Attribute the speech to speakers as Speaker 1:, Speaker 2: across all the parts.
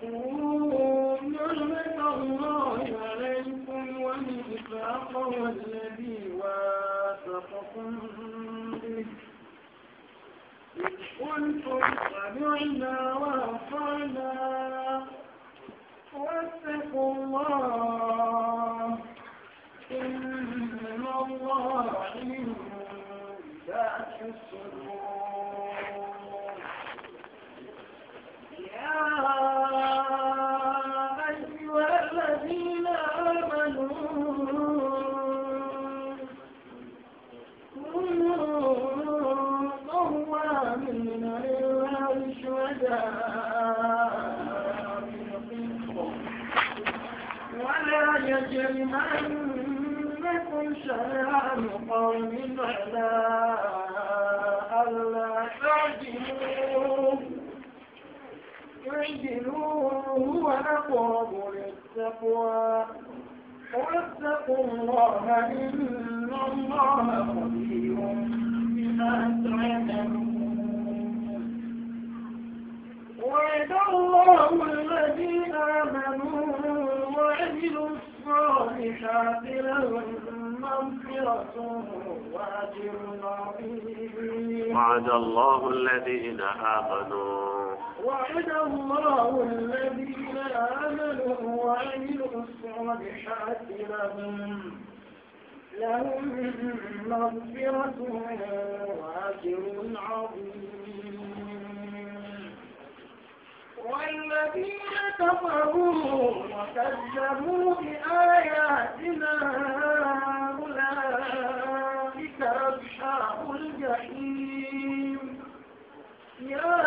Speaker 1: school mm-hmm. وعد الله
Speaker 2: الذين آمنوا
Speaker 1: وعد الله الذين آمنوا وعملوا الصالحات لهم لهم مغفرة وأجر عظيم والذين كفروا وكذبوا بآياتنا أولئك سأصحاب الجحيم يا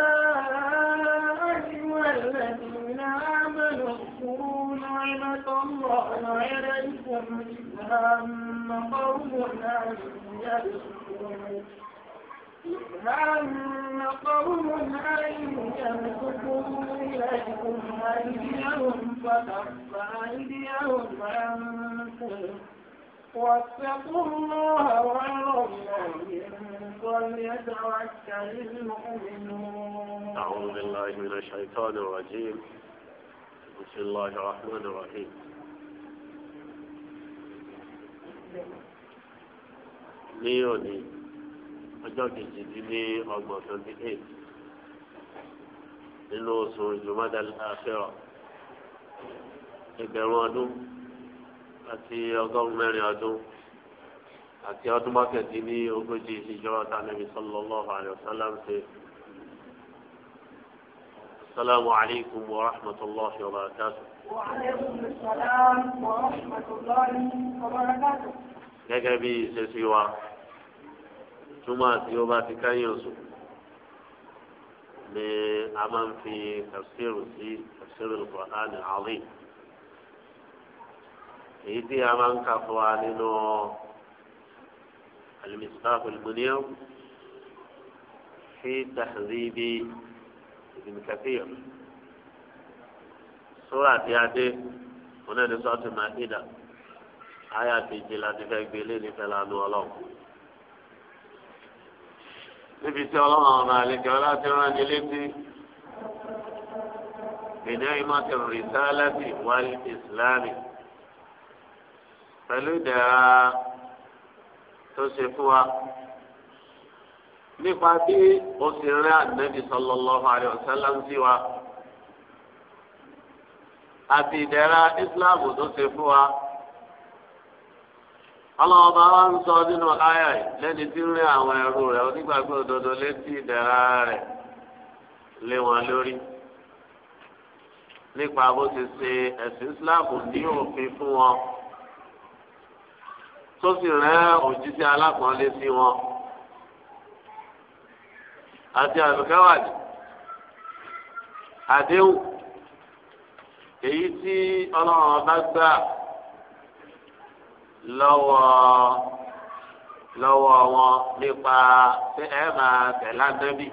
Speaker 1: أيها الذين آمنوا اذكروا نعمة الله عليكم إذ هم قوم أن يبسطوا قوم أن يبسطوا إليكم أيديهم فكف أيديهم عنكم واتقوا الله وليتوكل المؤمنون أعوذ بالله
Speaker 2: من الشيطان الرجيم بسم الله الرحمن الرحيم ní òní ọjọ́ kejìdínlọ́gbọ̀n twenty eight nínú oṣù Jumada al-Akhira ẹgbẹ̀rún ọdún àti ọgọ́rùn mẹ́rin ọdún àti ọdún mọ́kẹ̀dí ní ogójì ìjọba ta níbi sallallahu alaihi wasallam ṣe. السلام عليكم ورحمة الله وبركاته
Speaker 1: وعليكم السلام ورحمة الله وبركاته
Speaker 2: gẹ́gẹ́ bí ìṣesí wa túmọ̀ tí ó bá ti káyìn oṣù ni a máa ń fi tafsir sí tafsir al-Qur'an al-Azim èyí tí a máa ń kà fún wa nínú alimisaafu ilmuniyaw fi tahzibi ibn kathir sura ti a dé wọn náà ní sọ́ọ̀tì maida aya kejì láti fẹ́ gbé lé nífẹ̀ẹ́ lánàá ọlọ́run níbi tí ọlọ́run ọ̀nà àlejò láti rán ni létí bìnrin ìmọ̀tẹ̀rù rìsálẹ́tì wal ìsìlámì. pẹ̀lú ìdẹ̀ra tó ṣe fún wa nípa bí o sì rí ànábì sallallahu alaihi wasallam sí wa àti ìdẹ̀ra ìsìláàmù tó ṣe fún wa. Ọlọ́run wa ń sọ nínú àyà lẹ́ni tí ń rí àwọn ẹrú rẹ̀ onígbàgbọ́ òdodo létí ìdẹ̀ra rẹ̀ lé Islam ní òfin fún wọn. tó sì rán òjíṣẹ́ alákọ̀ọ́lé sí wọn àti àlùkáwàdì àdéhùn èyí tí ọlọ́run ọba gbà lọ́wọ́ lọ́wọ́ wọn nípa ṣé ẹ máa tẹ̀lé ànábì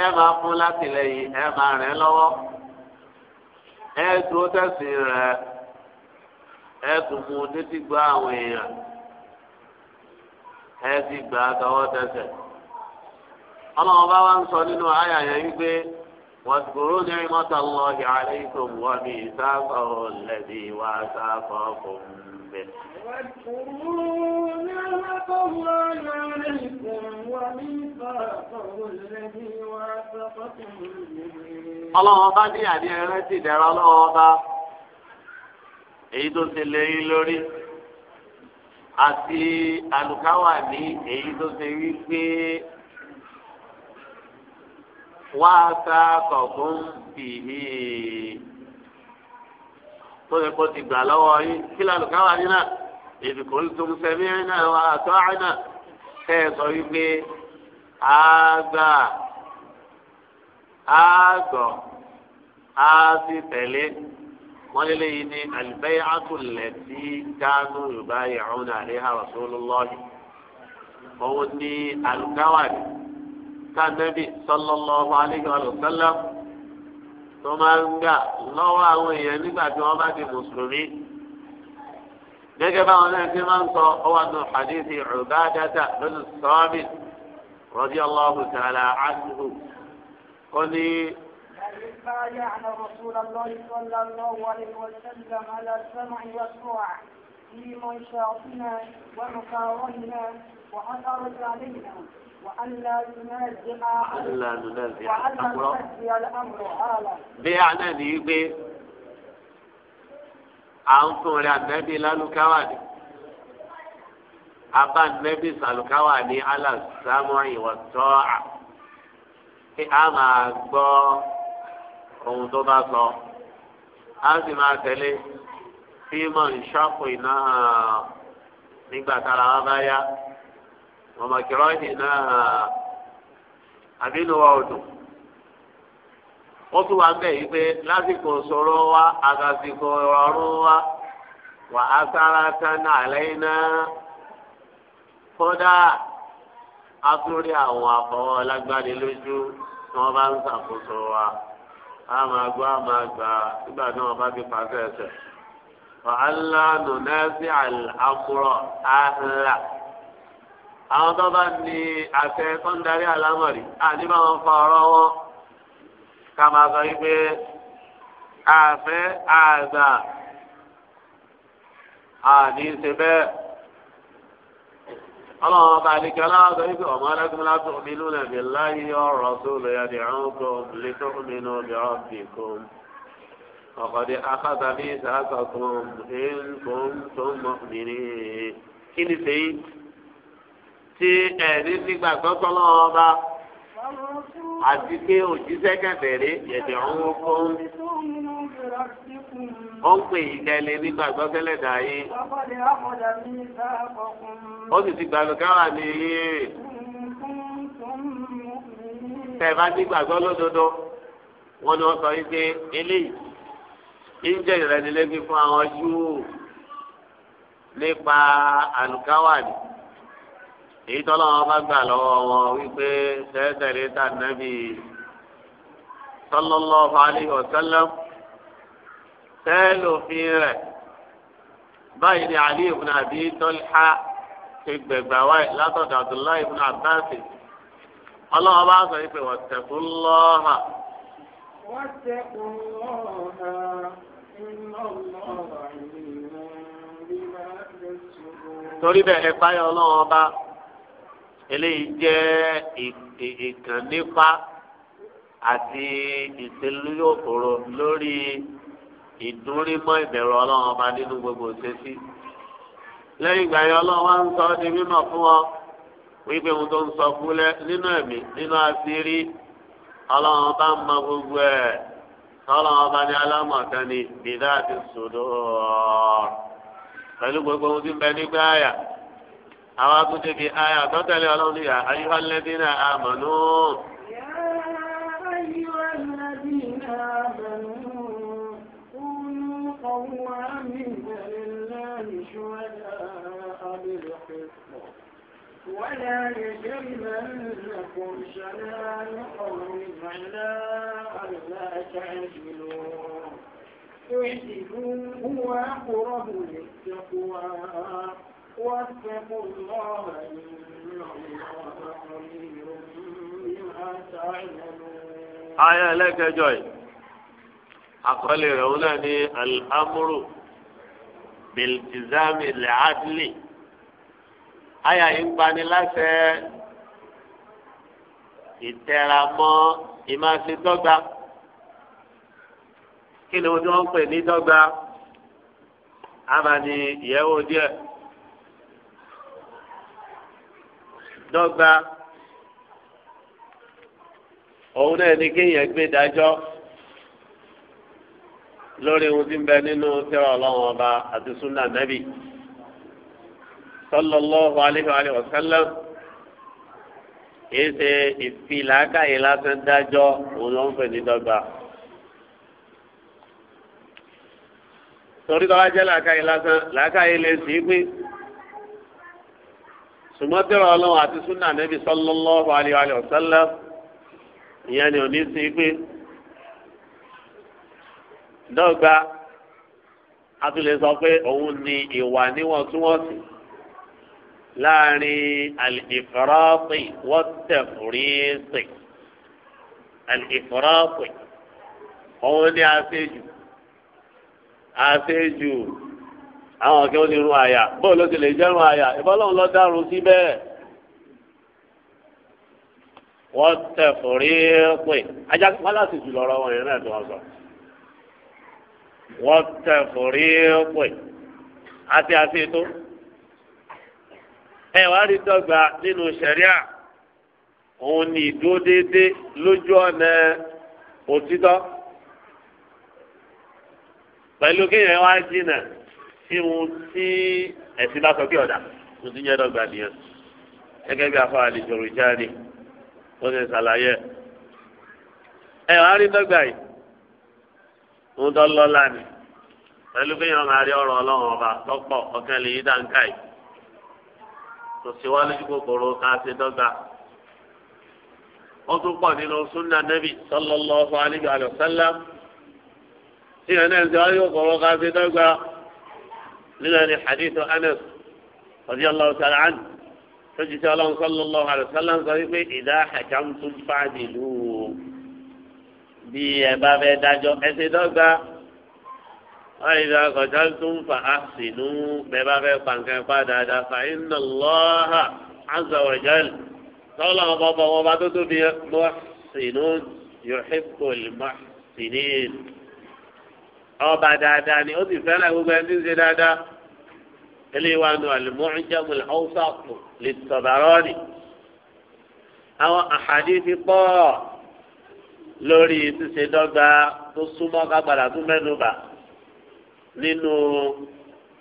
Speaker 2: ẹ máa fún látìlẹ́yìn ẹ máa rẹ̀ lọ́wọ́ ẹ dúró tẹ̀sí rẹ̀. ẹ kò mú títí gba àwọn èèyàn ẹ ti gbà tẹsẹ̀
Speaker 1: ọlọ́run bá wá ń sọ nínú àyà yẹn
Speaker 2: wípé wàtúkúrú ní mọ́tà lọ yàrá ètò wà mí sáfà lẹ́bí wà sáfà èyí tó ṣe léyìn lórí àti àlùkáwà ní èyí tó ṣe wí pé wá sá kọ̀ọ̀kan bìhí tó ṣe kó ti gbà lọ́wọ́ yín kí lálùkáwà ní náà èdè kò ní tó ń sẹ́mi náà wà á tọ́ àná tẹ́ ẹ sọ wí pé àgbà àgọ̀ á sì tẹ̀lé wọ́n lé lẹ́yìn ní àlùbẹ́yà àtúnlẹ̀ tí kánú yorùbá yẹ̀hún náà lè ha rasulillah òun ní alùkáwàdì kánẹ́bì sallallahu alaihi wa sallam tó máa ń gbà lọ́wọ́ àwọn èèyàn nígbà tí wọ́n bá di mùsùlùmí. gẹ́gẹ́ báwọn náà ti máa ń sọ ọwọ́ àti hadith Ubadata bin Samit radiyallahu ta'ala anhu. ó ní.
Speaker 1: إذ بايعن رسول الله صلى الله عليه وسلم على السمع والطاعة في منشاطنا ومقاولنا وأثرت علينا وألا ننازع وألا ننازع الأمر
Speaker 2: بيعنا نيجي أنتم للنبي لا نكواني aba nẹbi salukawa ni alasamu iwọtọ a máa gbọ́ ohun tó bá sọ a sì máa tẹ̀lé fíìmọ̀ ìṣọ́pù iná nígbà tára wa bá yá mọ̀mọ́kìrọ́ iná àbínú wa ò dùn wọ́n yìí pé wa àtàsìkò ọ̀run wa wà á sára lẹ́yìn náà kódà a tún rí àwọn àfọwọ́ lágbára lójú tí wọ́n a máa gbọ́ a máa gbà nígbà tí wọ́n bá ti pàṣẹ ẹsẹ̀. wàhálà nùnà sí àkùrọ̀ àhàlà. àwọn tó bá ní àṣẹ tó ń darí àlámọ̀rí àní bá fa ọ̀rọ̀ wọn ká máa sọ wípé àfẹ́ àgbà àní ṣe bẹ́ẹ̀ ọlọ́run ọba àdìgbà aláwọ̀ sọ wípé ọmọ alágbèmọ́lá tó omi inú rẹ̀ bí láyé ọ̀rọ̀ tó lè yàdì àrùn kò lè tó omi inú rẹ̀ ọ̀bì kò ọ̀kọ̀dé akásá bí sàásà kò ń tó mọ̀ mìíràn kí ni sèyí tí ẹ̀rí nígbà tó tọ́lọ́ ọba àti pé òjíṣẹ́ kẹfẹ̀rẹ́ yẹ̀dẹ̀ ọ̀hún fún ó ń pè yín kẹ́lẹ́ nígbà gbọ́kẹ́lẹ̀ dàáyé
Speaker 1: ó sì ti gbàlùkáwà ní iye tẹ̀ bá ti
Speaker 2: gbàgbọ́ lódodo wọn ni wọ́n sọ yín pé eléyìí ń jẹ́ ìrẹ́nilẹ́gbẹ́ fún àwọn Júù nípa àlùkáwà ni èyí tọ́lọ́ wọn bá gbà lọ́wọ́ wọn wípé sẹ́sẹ̀lẹ́ tà nẹ́bí sallallahu alaihi wasallam sẹ́lòfin rẹ̀ báyìí ni Ali ibn Abi Talha ti gbẹ̀gbà wáyé látọ̀dọ̀ Abdullahi ibn Abbas ọlọ́wọ́ bá sọ wípé wattaqullaha.
Speaker 1: wattaqullaha inna Allaha alimun bima tasna'un. torí bẹ́ẹ̀ ẹ páyọ̀
Speaker 2: ọlọ́wọ́ bá eléyìí jẹ́ ìkàn nípa àti ìṣelúyòkòrò lórí ìdúrímọ́ ìbẹ̀rù ọlọ́run ọba nínú gbogbo òṣèṣì lẹ́yìn ìgbà yẹn ọlọ́run wá ń sọ ọ́ di mímọ̀ fún ọ wípé ohun tó ń sọ fúlẹ̀ nínú ẹ̀mí nínú àṣírí ọlọ́run bá ń mọ gbogbo ẹ̀ ọlọ́run ọba ní alámọ̀tán ni bìdá àti sòdò pẹ̀lú gbogbo ohun tí ń bẹ nígbà àyà àwọn akúndé bíi ayé àtọ́tẹ̀lé ọlọ́run níyà ayélujára àmọ̀nú.
Speaker 1: ولا يجرمنكم شنان قوم على ألا تعجلوا تعجلوا هو أقرب للتقوى واتقوا الله إن الله خبير بما تعملون
Speaker 2: آية لك جوي àkọlé rẹ̀ wọn náà ní alamuru biltizami lẹ́hàdìlì àyà yìí ń pani láṣẹ ìtẹ̀ramọ́ ìmáṣedọ́gba kí ni wọ́n ti wọ́n pè ní dọ́gba àmà ìyẹ́wò díẹ̀. dọ́gba òun náà ni kéèyàn gbé dájọ́ lórí ohun tí ń bẹ nínú tírà ọlọ́run ọba àti súnà nábì sallallahu alaihi wa sallam kìí ṣe ìfìlàkàyè lásán dájọ́ òun ló ń pè ní dọ́gba. torí tọ́lá jẹ́ làákàyè lásán làákàyè lè sí pín ṣùgbọ́n tí ọ̀rọ̀ ọlọ́run àti súnà nẹ́bí sallallahu alaihi wa sallam ìyẹn ni òní sí pé dọ́gba a tún lè sọ pé òun ni ìwà níwọ̀ntúnwọ̀nsì láàrin al-ifrati wat-tafriti òun ni àṣejù àṣejù àwọn ọ̀kẹ́ onírun àyà bóò ló ti lè jẹ́rùn àyà ìbọ́lọ́run lọ dárun sí bẹ́ẹ̀. wọ́n tẹ̀ fòrí pé ajá pálásì jù lọ́rọ́ wọn yẹn náà tó wọ́n sọ. wọ́n tẹ̀ fòrí pé àti àti ètò. ẹ wá rí dọ́gba nínú ṣẹ̀ríà òun ni ìdúró déédéé lójú ọ̀nà òtítọ́ pẹ̀lú kéèyàn wá jìnnà. tí tí ẹ̀sìn bá sọ bí ọ̀dà tó ti jẹ́ dọ́gba nìyẹn gẹ́gẹ́ bí afọ àlejò rìjáde tó ti ṣàlàyé ẹ̀ wá rí dọ́gba yìí ń tọ́ lọ́la ni pẹ̀lú bí yẹn máa rí ọ̀rọ̀ ọlọ́run ọba tọ́pọ̀ lè yí dáńkà yìí kò sí wá lójú kòkòrò ká ṣe dọ́gba wọ́n tún pọ̀ nínú nẹ́bì nínú ẹni hadith anas radiyallahu ta'ala anhu lójútì ọlọ́run sallallahu alaihi wasallam sọ wípé idha hakamtum fa'dilu bí ẹ bá fẹ́ dájọ́ ẹ ti dọ́gba idha qataltum fa ahsinu bẹ́ẹ̀ bá fẹ́ pàǹkẹ́ padà fa inna Allaha azza wa jalla tọ́lá ọba ọba ọba tó tóbi mọ́ sínú yuhibbul muhsinin ọba dáadáa ni ó sì fẹ́ràn gbogbo ẹni tí ń ṣe dáadáa eléyìí wà nù al-Mu'jam al-Awsat li Tabarani àwọn àhàdíìsì pọ̀ lórí ṣíṣe dọ́gba tó súnmọ́ kápadà tó mẹ́nu bà nínú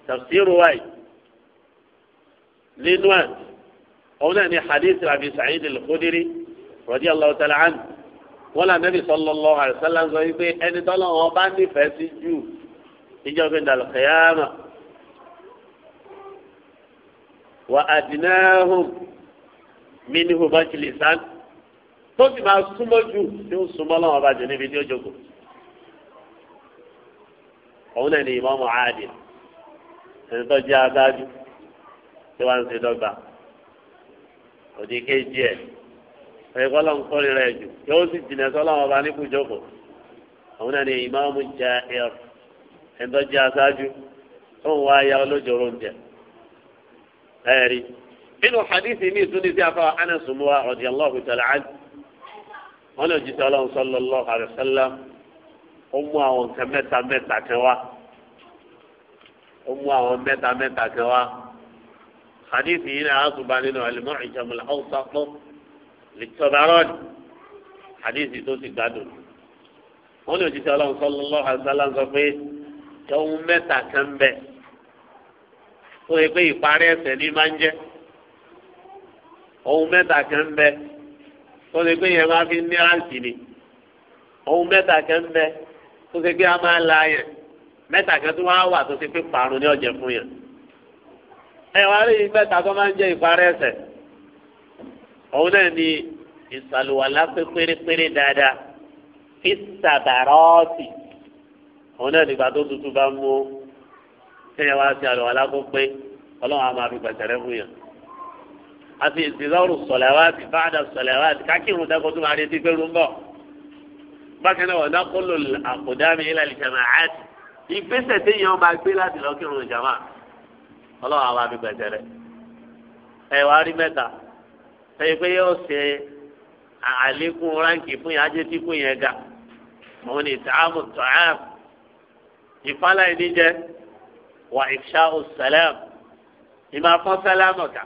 Speaker 2: tafsiru wáyé nínú ẹ̀ òun náà ni hadith Abi Sa'id al-Khudri radiyallahu ta'ala anhu wọn là nẹbi sọlọlọ àìsàlá ń sọ yìí pé ẹni tọ́lọ́ wọn bá nífẹ̀ẹ́ sí jù ìjọba ìdàlọ́ kẹyàmà wà àdínáhùn mí ní bùbá kìlì sán tó sì máa súnmọ́ jù tí ó súnmọ́ lọ́wọ́ bá jù níbi tí ó jókòó òun náà ni ìmọ̀ọ́mù àádì ẹni tó jẹ́ adájú tí wọ́n ń ṣe dọ́gba òdì kejì ẹ̀ ẹ̀kọ́ lọ́n kọ́rin rẹ̀ jù yóò sì jìnà sọ́lọ́n ọba ní kùjọ́kọ̀ àwọn náà ní ìmáàmù ja ẹ̀r ẹ̀ńtọ́ jẹ́ aṣáájú òun wá ya olójoro oúnjẹ ẹ̀rí nínú hadithi ní ìtúndí sí afọ anasumuwa radiyallahu ta'ala anhu wọn lè jíṣẹ́ ọlọ́run sallallahu alaihi wasallam ó mú àwọn nǹkan mẹ́ta mẹ́ta kan wá ó mú àwọn mẹ́ta mẹ́ta kan wá hadithi yìí náà á tún bá nínú al-Mu'jam al-Awsat lìtọ́bárọ́ọ̀nì àdéhùn tó sì gbádùn wọn ní òjijì ọlọ́run sallallahu alaihi wasallam sọ pé ohun mẹ́ta kan bẹ tó yẹ pé ìparí ẹ̀ṣẹ̀ ní máa ń jẹ́ ohun mẹ́ta kan bẹ tó yẹ pé yẹn máa fi ní ráǹtì ni ohun mẹ́ta kan bẹ tó yẹ pé a máa la yẹn mẹ́ta kan tó máa wà tó yẹ pé parun ní ọ̀jẹ̀ fún yẹn ẹ̀ wá rí mẹ́ta tó máa ń jẹ́ ìparí ẹ̀ṣẹ̀ òun náà ni ìsàlùwàlá pé pérépéré dáadáa fi sàbàrọ́ọ̀tì òun náà nígbà tó tutù bá mú kéèyàn wá sí àlùwàlá kó pé ọlọ́run á máa fi gbàtẹ́rẹ́ fún yàn àti ìsìlọ́rù sọ̀lẹ́wàtì báàdà sọ̀lẹ́wàtì kákìrún dákọ̀ tó máa retí pé rúbọ. bákan náà ọ̀nà kó lò àkùdámi ilà ìjàmà àti ìgbésẹ̀ téèyàn máa gbé láti lọ ìjàmà ọlọ́run àwọn abìgbẹ̀jẹ̀rẹ̀ ẹ̀ wá rí mẹ́ta sẹ́yìn pé yóò ṣe àlékún ránkì fún yẹn ajé tí fún yẹn ga òun ni ìtààmù tọ́ám ìfálà ìníjẹ wà ìṣá òsàlám ìmọ̀ afọ́n sálámù ká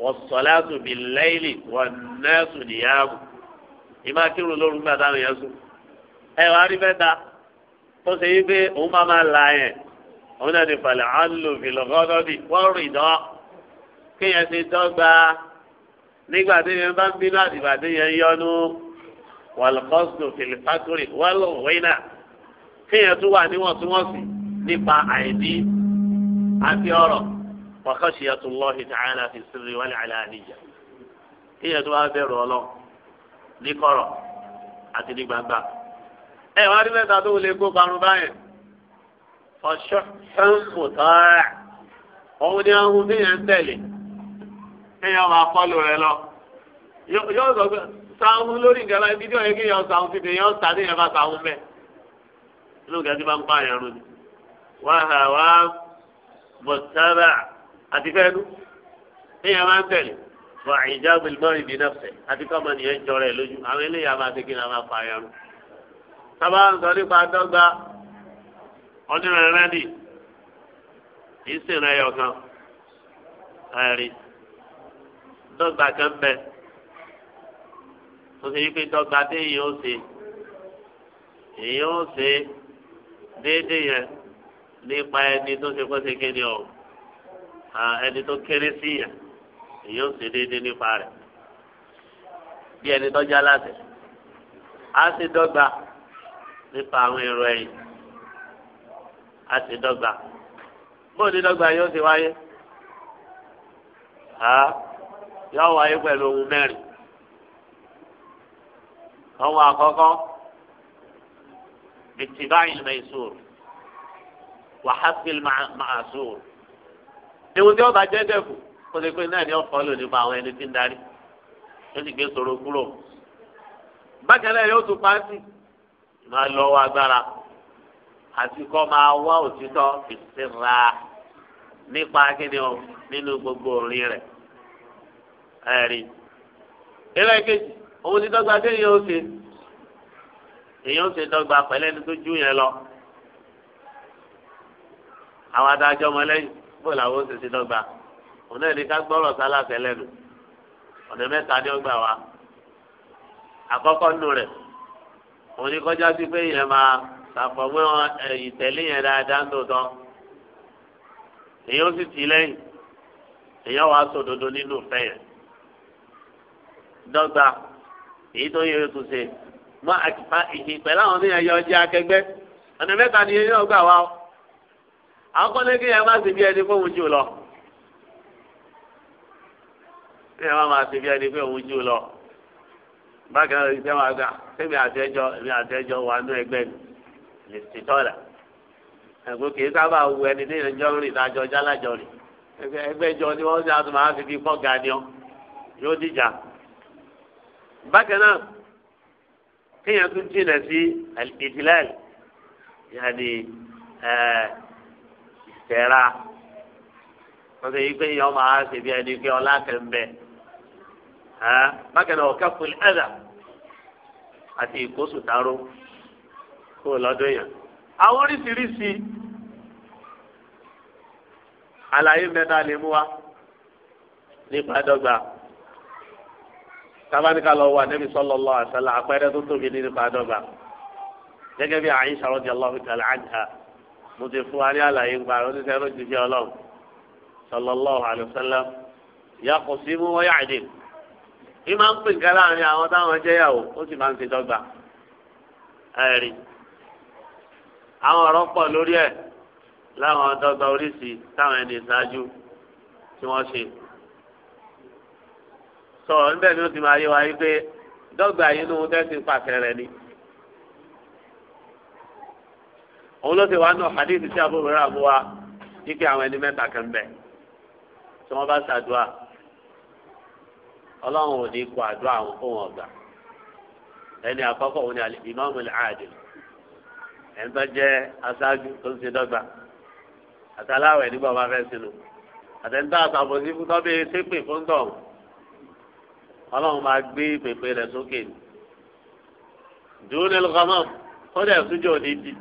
Speaker 2: wọ́n sọ̀láàtù bíi lẹ́yìnì wọ́n nẹ́ẹ̀sù nìyàmù ìmọ̀ akírun lóru gbà táwọn yẹn sùn. ẹ wàá rí mẹ́ta tó ṣe yí pé òun máa máa la yẹn òun náà ní falẹ̀ àlùfẹ́ lọ́gọ́dọ́dì wọ́n rìn dán kéèyàn ti dọ́gba nígbà tí yẹn bá ń bínú àdìgbà tí yẹn ń yọnu wàlùkọ́sùn fìlìfàtúrì wàlùwẹ́nà kéèyàn tún wà níwọ̀ntúnwọ̀nsì nípa àìní àti ọ̀rọ̀ wàkàṣìyàtò lọ́ọ̀hì tààlà fi sírí wàlẹ̀ àlàníyà kéèyàn tún wà bẹ̀rù ọlọ́ ní kọ̀rọ̀ àti ní gbangba. ẹ wá rí mẹ́ta tó lè kó parun báyẹn ọ̀ṣọ́ fẹ́ǹkù tọ́ra òun ni àwọn ohun yẹn tẹ̀lé kéèyàn máa fọ́lù rẹ lọ yóò sọ pé sàwọn lórí nǹkan láti fídíò yẹn kéèyàn sàwọn fídíò yẹn sà ní yẹn bá sàwọn mẹ inú gàdí máa ń pa àyàn lónìí wà á wà mọ̀tàrà àti fẹ́ẹ́nu kéèyàn máa ń tẹ̀lé wà ìjáàbù ìmọ̀ràn ìdí náà fẹ́ àti kọ́mọ nìyẹn jọrọ ẹ̀ lójú àwọn eléyà máa ti kí ni a máa pa àyàn lónìí sábà ń sọ nípa dọ́gba ọdún rẹ̀ rẹ́ ìsìn rẹ̀ yọ̀ dọ́gba kan bẹ tó ṣe wípé dọ́gba dé yìí ó ṣe èyí ó ṣe déédéé yẹn nípa ẹni tó ṣe kó ṣe kéde ọ ẹni tó kéré sí yẹn èyí ó ṣe déédéé nípa rẹ̀ bí ẹni tọ́jà láti á ṣe dọ́gba nípa àwọn èrò ẹ̀yìn á ṣe dọ́gba bóòdì dọ́gba yóò ṣe wáyé. yọ wáyé pẹ̀lú ohun mẹ́rin ohun àkọ́kọ́ ìtìbáyìí mẹ́sùr wàhásìl màásùr ìwọ̀n tí ọba jẹ́ dẹ́kun kó lè pé náà ni ó fọ́ nípa àwọn ẹni tí ń darí ó sì gbé kúrò bákan náà yóò tún máa agbára àti kọ́ máa wá òtítọ́ ìsinra ẹ̀rí ìrẹ́ kejì òun ti dọ́gba tí èèyàn ó ṣe èèyàn ó ṣe dọ́gba pẹ̀lú ẹni tó jù yẹn lọ àwọn adájọ́ ọmọlẹ́yìn bóyá làwọn ó ṣe ṣe dọ́gba òun náà ní ká gbọ́rọ̀ sálà tẹ́lẹ̀ nù ọ̀nà mẹ́ta ni ó gbà wá àkọ́kọ́ nù rẹ̀ òun ni kọjá sí pé yẹn máa ṣàfọ̀mọ́ ìtẹ̀lé yẹn dáadáa ń tòótọ́ èèyàn sì tì lẹ́yìn èèyàn wàá sòdodo nínú ìfẹ́ yẹn dọ́gba èyí tó yẹ kó ṣe mọ àtìpá ìhìn pẹ̀lú àwọn ní ẹyọ ọjà akẹgbẹ́ ọ̀nà mẹ́ta ni yẹn náà gbà wá o àwọn kọ́lé kí yẹn má ṣe bí ẹni fóun jù lọ kí yẹn má má ṣe bí ẹni fóun jù lọ bákan náà ìṣe máa gbà sẹ́mi àtẹ́jọ́ èmi àtẹ́jọ́ wà nú ẹgbẹ́ mi lè ṣe tọ́lá ẹ̀gbọ́n kì í sábà wu ẹni ní ìrìnjọ́ rìn ìdájọ́ jálájọ́ rìn ẹgbẹ́jọ́ ni wọ́n ṣe àtúmọ̀ àti bí pọ́ga ni ọ yóò dìjà bákan náà kéèyàn tún jìnnà sí ìdílàlì yàní ìṣẹ̀ra wọ́n sọ yìí pé yẹn máa ṣe bí ẹni pé ọlá kan ń bẹ bákan náà ọ̀kẹ́ fúnlẹ̀ ẹ̀dà àti ìkóṣù táró kó lọ́dún yẹn. àwọn oríṣiríṣi àlàyé mẹ́ta lè mú wa nípa dọ́gba tabanika lọ wà nabi sallallahu alaihi wasallam àpẹẹrẹ tó tóbi nínú padọba gẹ́gẹ́ bí Aisha radiyallahu ta'ala anha mo ti fún wa ní àlàyé gba àwọn oníṣẹ́ ló ti fi ọlọ́run sallallahu alaihi wasallam yaqsimu wa ya'dil bí máa ń pè nǹkan láàrin àwọn táwọn jẹ́yàwó ó sì máa ń ṣe dọ́gba ẹ̀rí àwọn ọ̀rọ̀ pọ̀ lórí ẹ̀ láwọn dọ́gba oríṣi táwọn ẹni ìṣáájú tí wọ́n ṣe sọ̀rọ̀ níbẹ̀ ni ó ti máa yé wa yí pé dọ́gba yìí nínú tẹ́sí pàṣẹ rẹ̀ ni. òun ló ti wá nù hadith tí abúlé rà mú wa kíkẹ́ àwọn ẹni mẹ́ta kan bẹ̀ tí wọ́n bá ṣàdúrà ọlọ́run ò ní kó àdúrà àwọn fóun ọ̀gbà ẹni àkọ́kọ́ òun ni al-imam al-adil ẹni tó jẹ́ aṣáájú tó ń ṣe dọ́gba àtàláwẹ̀ nígbà wọn bá fẹ́ sinú àtẹ̀ńtà àtàbọ̀sí fún tọ́bí ṣépè fún tọ̀hún. ọlọ́run máa gbé pèpè rẹ̀ sókè ní. dùnúlẹ̀ lọ́mọ́ kódà ìtújọ́ òní di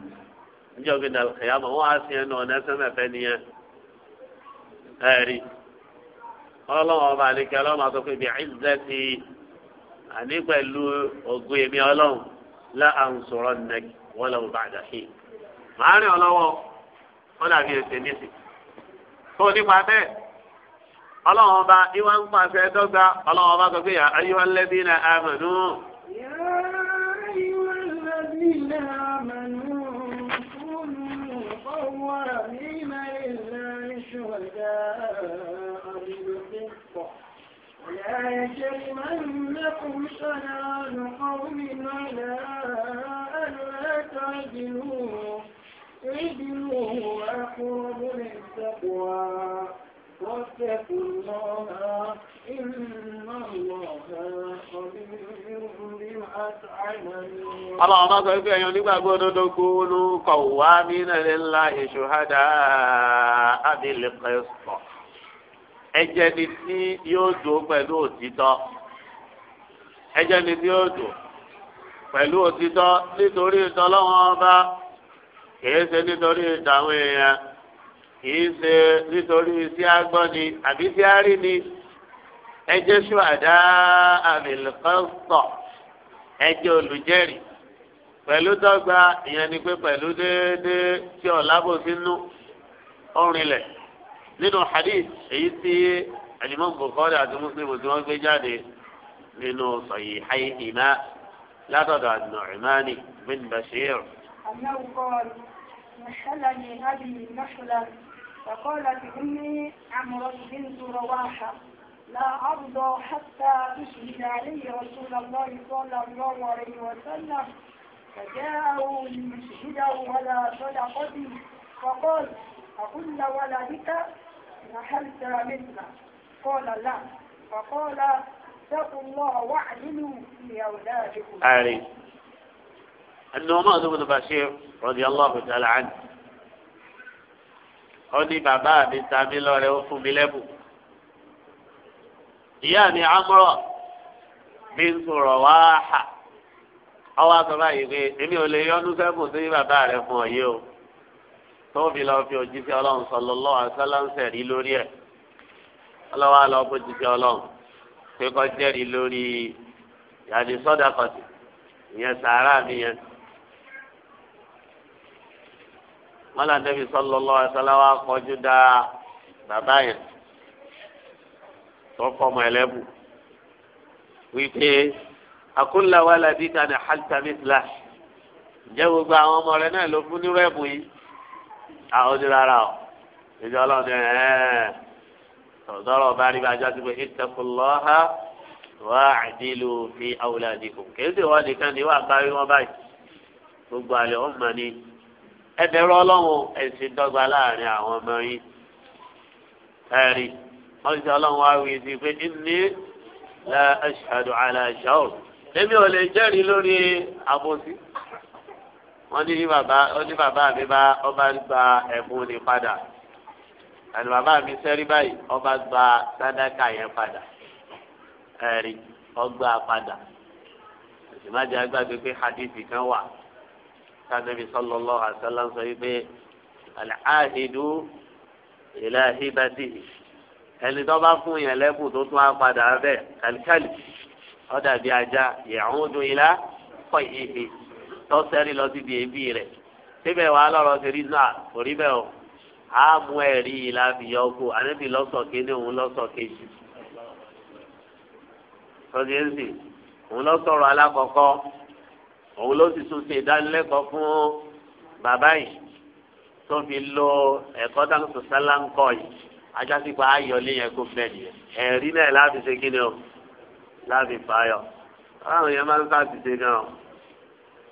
Speaker 2: níjọ́ gbé dàlùkìyàmọ̀ wọ́n á fi ẹnu ọ̀nà ẹsẹ̀ mẹ́fẹ́ nìyẹn. ẹ̀rí ọlọ́run ọba àlekẹ́ ọlọ́run máa sọ pé bí ẹ̀ẹ́dẹ́ ti pẹ̀lú ògùn èmi ọlọ́run lá àǹsọ̀rọ̀ nẹ́k wọ́n lọ́wọ́ bá àdàṣe. màá rìn ọlọ́wọ́ kódà bí èsè níṣì. tó nípa bẹ́ẹ̀ ọlọ́run ọba ìwà ń pàṣẹ dọ́gba ọlọ́run ọba sọ pé yà ayé wọn lẹ́bí náà àmàlú.
Speaker 1: ولا يجرمنكم شنآن قوم على ألا تعدلوا اعدلوا وأقرب للتقوى واتقوا الله إن الله خبير بما تعملون الله ما sọ pé ẹ̀yin nígbàgbọ́ òdodo
Speaker 2: kúlú kọ̀wá mi nàlẹ́ ńlá ìṣòhádà abilẹ̀kẹ́sọ̀ ẹjẹ́ ni tí yóò dùn pẹ̀lú òtítọ́ ẹjẹ́ ni tí yóò dùn pẹ̀lú òtítọ́ nítorí ìtọ́lọ́wọ́n ọba kìí ṣe nítorí ìtàwọn èèyàn kìí ṣe nítorí tí a gbọ́ ni àbí tí a rí ni ẹ jẹ́ ṣùwádà àmìlẹ́kọ́sọ̀ ẹ jẹ́ olùjẹ́rìí pẹ̀lú dọ́gba ìyẹn ni pé pẹ̀lú déédéé tí ọ̀làbò sínú ọ̀rìnlẹ̀ nínú hadith èyí tí alimọ̀ Bukhari àti Muslim tí wọ́n gbé jáde nínú Sahihayi ìmá látọ̀dọ̀ Nu'mani bin Bashir.
Speaker 1: àná kọ́ ọ̀rọ̀ mọ̀ṣálà ni hábìlì mọ̀ṣálà. فقالت أمي عمرة بنت رواحة لا أرضى حتى تشهد علي رسول الله صلى الله عليه وسلم فجاءوا ليشهده على صدقتي فقال أقول ولدك نحلت مثله قال لا فقال اتقوا الله واعدلوا في أولادكم. أنه
Speaker 2: النعمان بن بشير رضي الله تعالى عنه ó ní bàbá mi ta mí lọ́rẹ ó fún mi lẹ́bù ìyá mi amúrọ̀ mi ń sọ̀rọ̀ wáhà ọwọ́ sọ báyìí pé èmi ò lè yọnu sẹ́kùn sí bàbá rẹ fún ọ yìí o tó fi lọ fi òjíṣẹ́ ọlọ́run sallallahu alaihi wasallam rí lórí ẹ̀ ọlọ́wọ́ àlọ́ bójúṣẹ́ ọlọ́run pé kọ́ jẹ́rìí lórí yàrá sọ́dà kọ̀tì ìyẹn sàárà mi yẹn. wọn là nẹbi sallallahu alaihi wasallam wa kọjú dá bàbá yẹn tó fọmọ ẹlẹbù wípé akulla waladika ní halitamisla jẹ gbogbo àwọn ọmọ rẹ náà ló fún nírú ẹbùn yìí àwọn ojú rárá o ìjọ Ọlọ́run ẹ ẹ ọdọọrọ bá rí bàjọ àti pé ittaqullaha wa'dilu fi awladikum kèéjì wọn nìkan ni wọn bá rí wọn báyìí gbogbo àlẹ ọmọ ẹbẹ̀rọ ọlọ́run ẹ̀sìn dọ́gba láàrin àwọn ọmọ yín ẹ̀rí wọ́n ti ọlọ́run wá wí sí pé ní la ashhadu ala shaur èmi ò lè jẹ́rìí lórí àbòsí wọ́n ní bàbá ní bàbá mi bá ọba gba ẹ̀bùn ní padà àti bàbá mi sẹ́rí báyìí ọba gba sádàkà yẹn padà ẹ̀rí ọgbà padà ìmájà gbàgbé pé hadith kan wà sanabi sallallahu alaihi wa sallam sọ yìí pé alaahidu ilahibati ẹni tó bá fún yẹn lẹ́bù tó tún á padà bẹ́ẹ̀ kàlíkàlì ó dàbí ajá ya'udu ila qayyihi tó sẹ́rí lọ síbi èébì rẹ̀ síbẹ̀ wàá lọ́rọ̀ sí rí náà kò rí bẹ́ẹ̀ o a mú ẹ̀rí yìí láti yọ kó ànábì lọ́sọ̀ kéde òun lọ́sọ̀ kejì. sọ́dí òun lọ́sọ̀rọ̀ alákọ̀ọ́kọ́ òun ló sì tún ṣe ìdánilẹ́kọ̀ọ́ fún bàbá yìí tó fi lo ẹ̀kọ́ dáńtò sáláńkọ́ yìí ajásípa ayọ̀lé yẹn kó bẹ́ẹ̀ nìyẹn ẹ̀rí náà láti ṣe kí ni o láti fàáyọ̀ àwọn èèyàn máa ń sáàtì ṣe gan o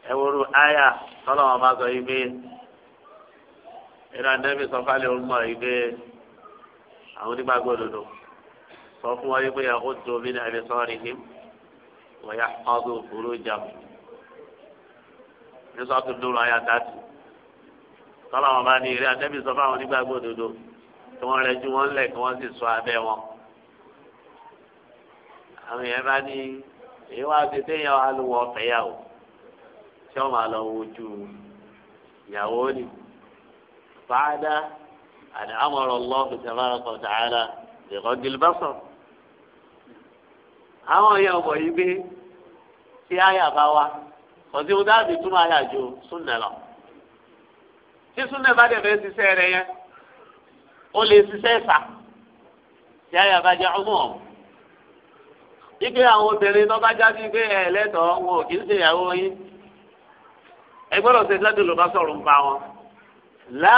Speaker 2: ẹ wo ru àyà tọ́lọ́wọ́n bá sọ yìí pé ìran nẹ́bí sọ fálẹ̀ ọmọ yìí pé àwọn onígbàgbọ́ òdodo sọ fún wọn yìí pé ẹ̀kọ́ tó mi náà ẹ̀mí sọ́ọ́rì ní wọ́n yà ọ́ tó burú jàmù yíṣọ́ tó dúró ayé àtàtì tọ́lá wọn bá ní eré àtẹ́bí sọ fáwọn onígbàgbọ́ òdodo tí wọ́n rẹ́jú wọn lẹ̀ kí wọ́n sì sọ abẹ́ wọn. àwọn èèyàn bá ní èyí wá ti téèyàn wá lówó ọ̀fẹ́ yà o tí wọ́n máa lọ wojú ìyàwó ni. fàádà àti amọ̀rọ̀ lọ́ọ̀fù tẹ̀lára kan tààrà ìkọ́ gilbásọ̀. àwọn èèyàn bọ̀ yí tí àyà bá wá ọ̀sìn wọn dáàbì túmọ̀ ayájọ súnà lọ. tí súnà bá dẹ̀ fẹ́ ṣiṣẹ́ rẹ yẹn ó lè ṣiṣẹ́ sà tí ayà bá jẹ ọmọ ọ̀. ike àwọn obìnrin tó bá jáde pé ẹ lẹ́tọ̀ọ́ wọn ò kì í ṣèyàwó yín. ẹ gbọ́dọ̀ ṣe ládùn ló bá sọ̀rọ̀ ń pa wọn. lá